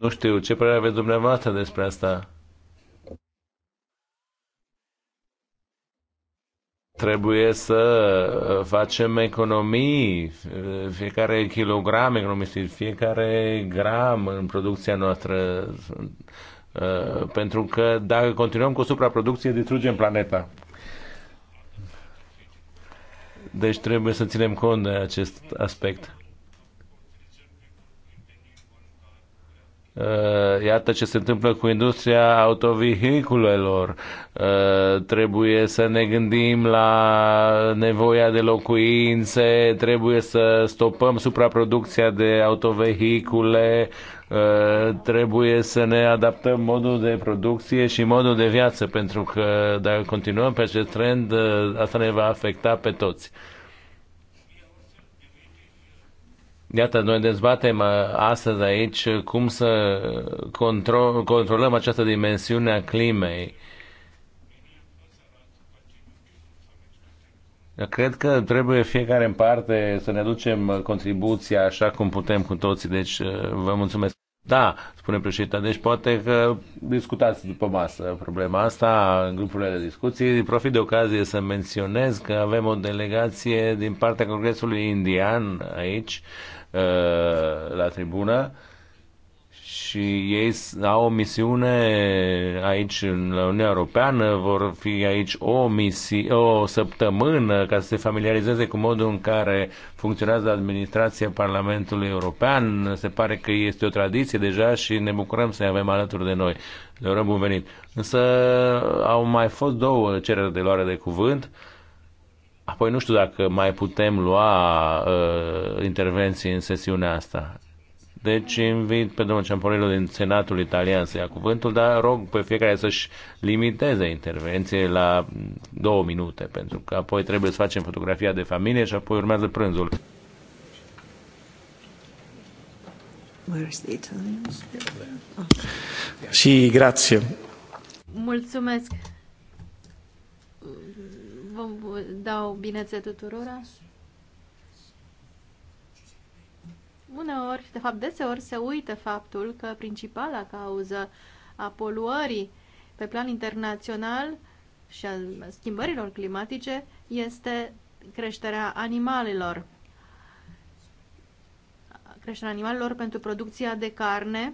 S1: Nu știu, ce părere aveți dumneavoastră despre asta? Trebuie să uh, facem economii, uh, fiecare kilogram economisit, fiecare gram în producția noastră, uh, pentru că dacă continuăm cu supraproducție, distrugem planeta. Deci trebuie să ținem cont de acest aspect. Uh, iată ce se întâmplă cu industria autovehiculelor. Uh, trebuie să ne gândim la nevoia de locuințe, trebuie să stopăm supraproducția de autovehicule, uh, trebuie să ne adaptăm modul de producție și modul de viață, pentru că dacă continuăm pe acest trend, asta ne va afecta pe toți. Iată, noi dezbatem uh, astăzi aici cum să control, controlăm această dimensiune a climei. Cred că trebuie fiecare în parte să ne ducem uh, contribuția așa cum putem cu toții, deci uh, vă mulțumesc. Da, spune președinte. deci poate că discutați după masă problema asta în grupurile de discuții. Profit de ocazie să menționez că avem o delegație din partea Congresului Indian aici, Uh, la tribună și ei au o misiune aici în Uniunea Europeană, vor fi aici o, misi- o săptămână ca să se familiarizeze cu modul în care funcționează administrația Parlamentului European. Se pare că este o tradiție deja și ne bucurăm să-i avem alături de noi. Le urăm bun venit. Însă au mai fost două cereri de luare de cuvânt Apoi nu știu dacă mai putem lua uh, intervenții în sesiunea asta. Deci invit pe domnul Ciamporello din Senatul Italian să ia cuvântul, dar rog pe fiecare să-și limiteze intervenție la două minute, pentru că apoi trebuie să facem fotografia de familie și apoi urmează prânzul. Și grație.
S3: Mulțumesc. Vă dau binețe tuturora. Uneori, de fapt deseori, se uită faptul că principala cauză a poluării pe plan internațional și a schimbărilor climatice este creșterea animalelor. Creșterea animalelor pentru producția de carne,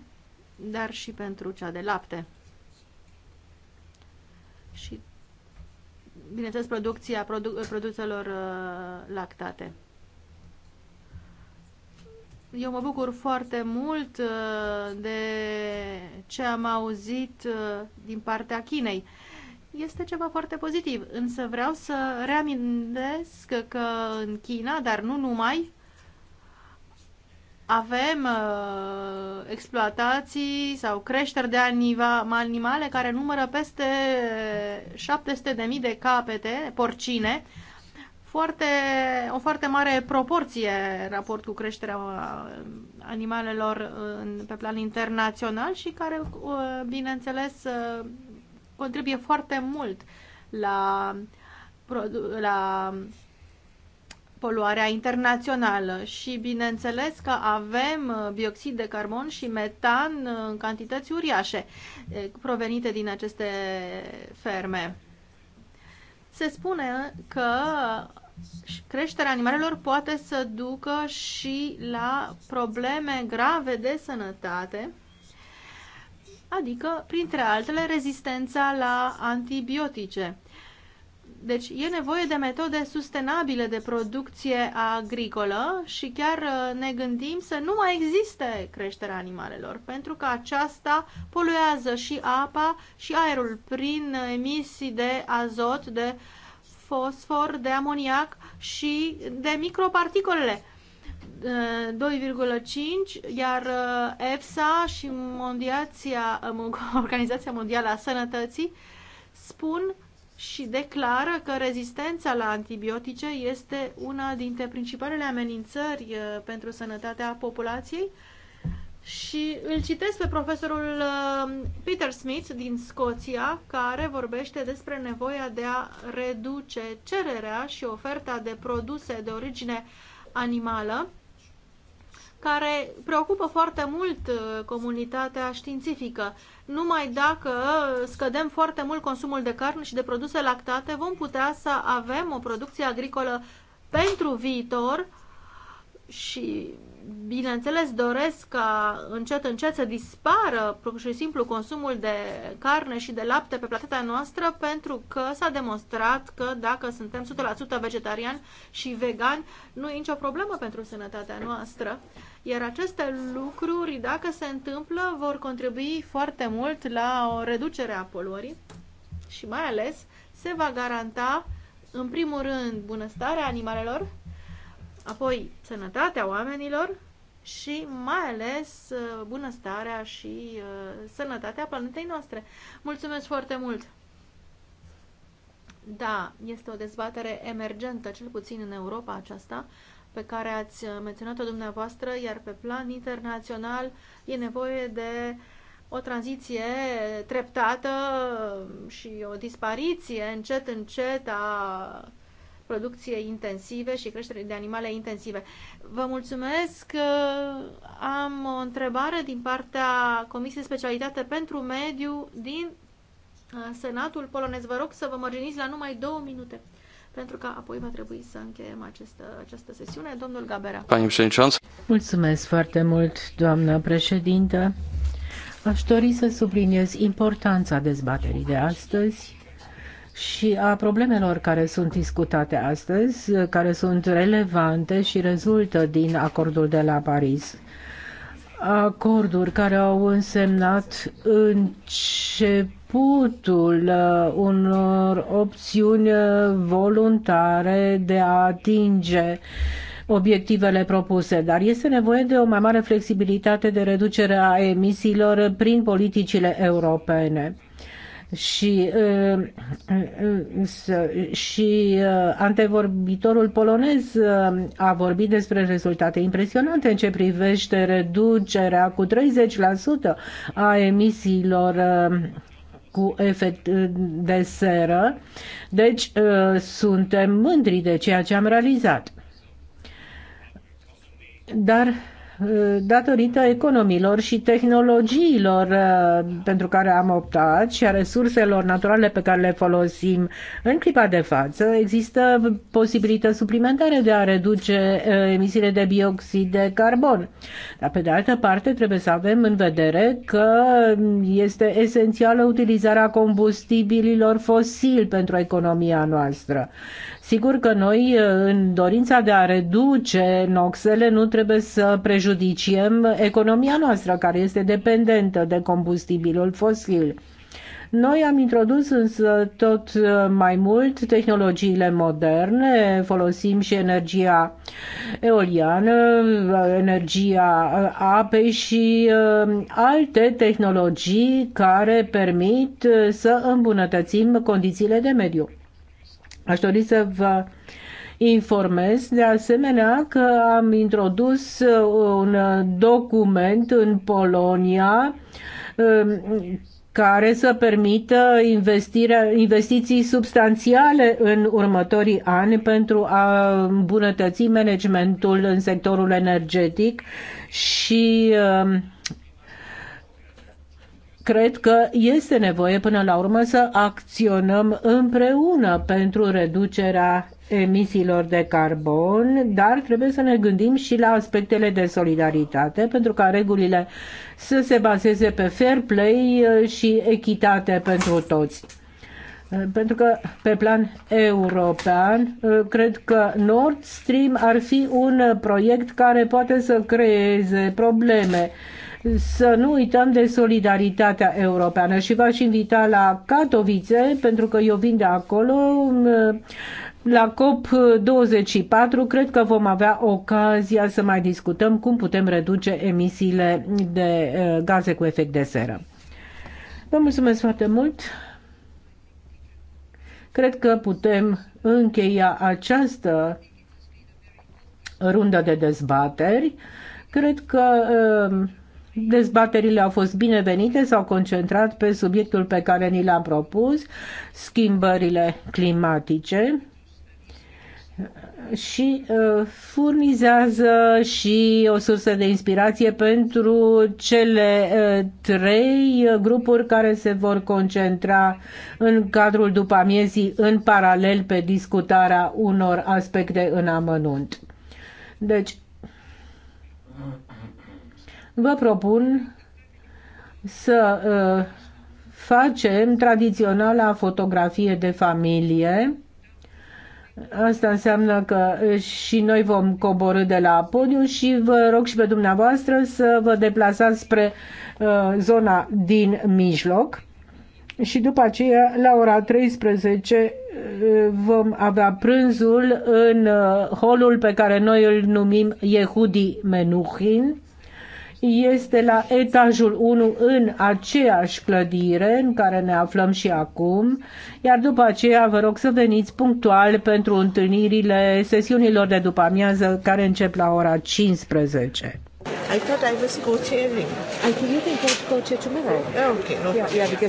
S3: dar și pentru cea de lapte. Și bineînțeles, producția produ- produselor uh, lactate. Eu mă bucur foarte mult uh, de ce am auzit uh, din partea Chinei. Este ceva foarte pozitiv, însă vreau să reamintesc că în China, dar nu numai, avem uh, exploatații sau creșteri de animale care numără peste 700.000 uh, de capete porcine, foarte, o foarte mare proporție raport cu creșterea uh, animalelor în, pe plan internațional și care, uh, bineînțeles, contribuie foarte mult la, la poluarea internațională și bineînțeles că avem uh, bioxid de carbon și metan uh, în cantități uriașe eh, provenite din aceste ferme. Se spune că creșterea animalelor poate să ducă și la probleme grave de sănătate, adică, printre altele, rezistența la antibiotice. Deci e nevoie de metode sustenabile de producție agricolă și chiar uh, ne gândim să nu mai existe creșterea animalelor, pentru că aceasta poluează și apa și aerul prin emisii de azot, de fosfor, de amoniac și de microparticolele. 2,5, uh, iar uh, EFSA și Mondiația, Organizația Mondială a Sănătății spun și declară că rezistența la antibiotice este una dintre principalele amenințări uh, pentru sănătatea populației și îl citesc pe profesorul uh, Peter Smith din Scoția, care vorbește despre nevoia de a reduce cererea și oferta de produse de origine animală care preocupă foarte mult uh, comunitatea științifică. Numai dacă scădem foarte mult consumul de carne și de produse lactate, vom putea să avem o producție agricolă pentru viitor și, bineînțeles, doresc ca încet, încet să dispară pur și simplu consumul de carne și de lapte pe planeta noastră pentru că s-a demonstrat că dacă suntem 100% vegetarian și vegan, nu e nicio problemă pentru sănătatea noastră. Iar aceste lucruri, dacă se întâmplă, vor contribui foarte mult la o reducere a poluării și mai ales se va garanta, în primul rând, bunăstarea animalelor, apoi sănătatea oamenilor și mai ales uh, bunăstarea și uh, sănătatea planetei noastre. Mulțumesc foarte mult! Da, este o dezbatere emergentă, cel puțin în Europa aceasta, pe care ați uh, menționat-o dumneavoastră, iar pe plan internațional e nevoie de o tranziție treptată și o dispariție încet încet a producție intensive și creștere de animale intensive. Vă mulțumesc. Am o întrebare din partea Comisiei Specialitate pentru Mediu din uh, Senatul polonez. Vă rog să vă mărginiți la numai două minute pentru că apoi va trebui să încheiem această, această sesiune. Domnul Gabera.
S2: Mulțumesc foarte mult, doamnă președintă. Aș dori să subliniez importanța dezbaterii de astăzi și a problemelor care sunt discutate astăzi, care sunt relevante și rezultă din acordul de la Paris. Acorduri care au însemnat începutul uh, unor opțiuni uh, voluntare de a atinge obiectivele propuse, dar este nevoie de o mai mare flexibilitate de reducere a emisiilor prin politicile europene și, și antevorbitorul polonez a vorbit despre rezultate impresionante în ce privește reducerea cu 30% a emisiilor cu efect de seră. Deci suntem mândri de ceea ce am realizat. Dar datorită economiilor și tehnologiilor uh, pentru care am optat și a resurselor naturale pe care le folosim în clipa de față, există posibilități suplimentare de a reduce uh, emisiile de bioxid de carbon. Dar pe de altă parte trebuie să avem în vedere că este esențială utilizarea combustibililor fosili pentru economia noastră. Sigur că noi, uh, în dorința de a reduce noxele, nu trebuie să prejudiciem economia noastră, care este dependentă de combustibilul fosil. Noi am introdus însă tot uh, mai mult tehnologiile moderne, folosim și energia eoliană, energia uh, apei și alte tehnologii care permit să îmbunătățim condițiile de mediu. Aș dori să vă informez de asemenea că am introdus uh, un document în Polonia um, care să permită investiții substanțiale în următorii ani pentru a îmbunătăți managementul în sectorul energetic și um, cred că este nevoie până la urmă să acționăm împreună pentru reducerea emisiilor de carbon, dar trebuie să ne gândim și la aspectele de solidaritate, pentru ca regulile să se bazeze pe fair play uh, și echitate pentru toți. Uh, pentru că pe plan european, uh, cred că Nord Stream ar fi un proiect care poate să creeze probleme să nu uităm de solidaritatea europeană și v-aș invita la Katowice, pentru că eu vin de acolo, um, la COP24 cred că vom avea ocazia să mai discutăm cum putem reduce emisiile de uh, gaze cu efect de seră. Vă mulțumesc foarte mult! Cred că putem încheia această rundă de dezbateri. Cred că um, Dezbaterile au fost binevenite, s-au concentrat pe subiectul pe care ni l-am propus, schimbările climatice și uh, furnizează și o sursă de inspirație pentru cele uh, trei grupuri care se vor concentra în cadrul după amiezii în paralel pe discutarea unor aspecte în amănunt. Deci, vă propun să uh, facem tradiționala fotografie de familie. Asta înseamnă că și noi vom coborâ de la podiu și vă rog și pe dumneavoastră să vă deplasați spre uh, zona din mijloc. Și după aceea, la ora 13, uh, vom avea prânzul în holul pe care noi îl numim Yehudi Menuhin este la etajul 1 în aceeași clădire în care ne aflăm și acum, iar după aceea vă rog să veniți punctual pentru întâlnirile sesiunilor de după amiază care încep la ora 15.
S1: I thought I was co-chairing. I think you can co-chair tomorrow. Oh, okay, no yeah, yeah, because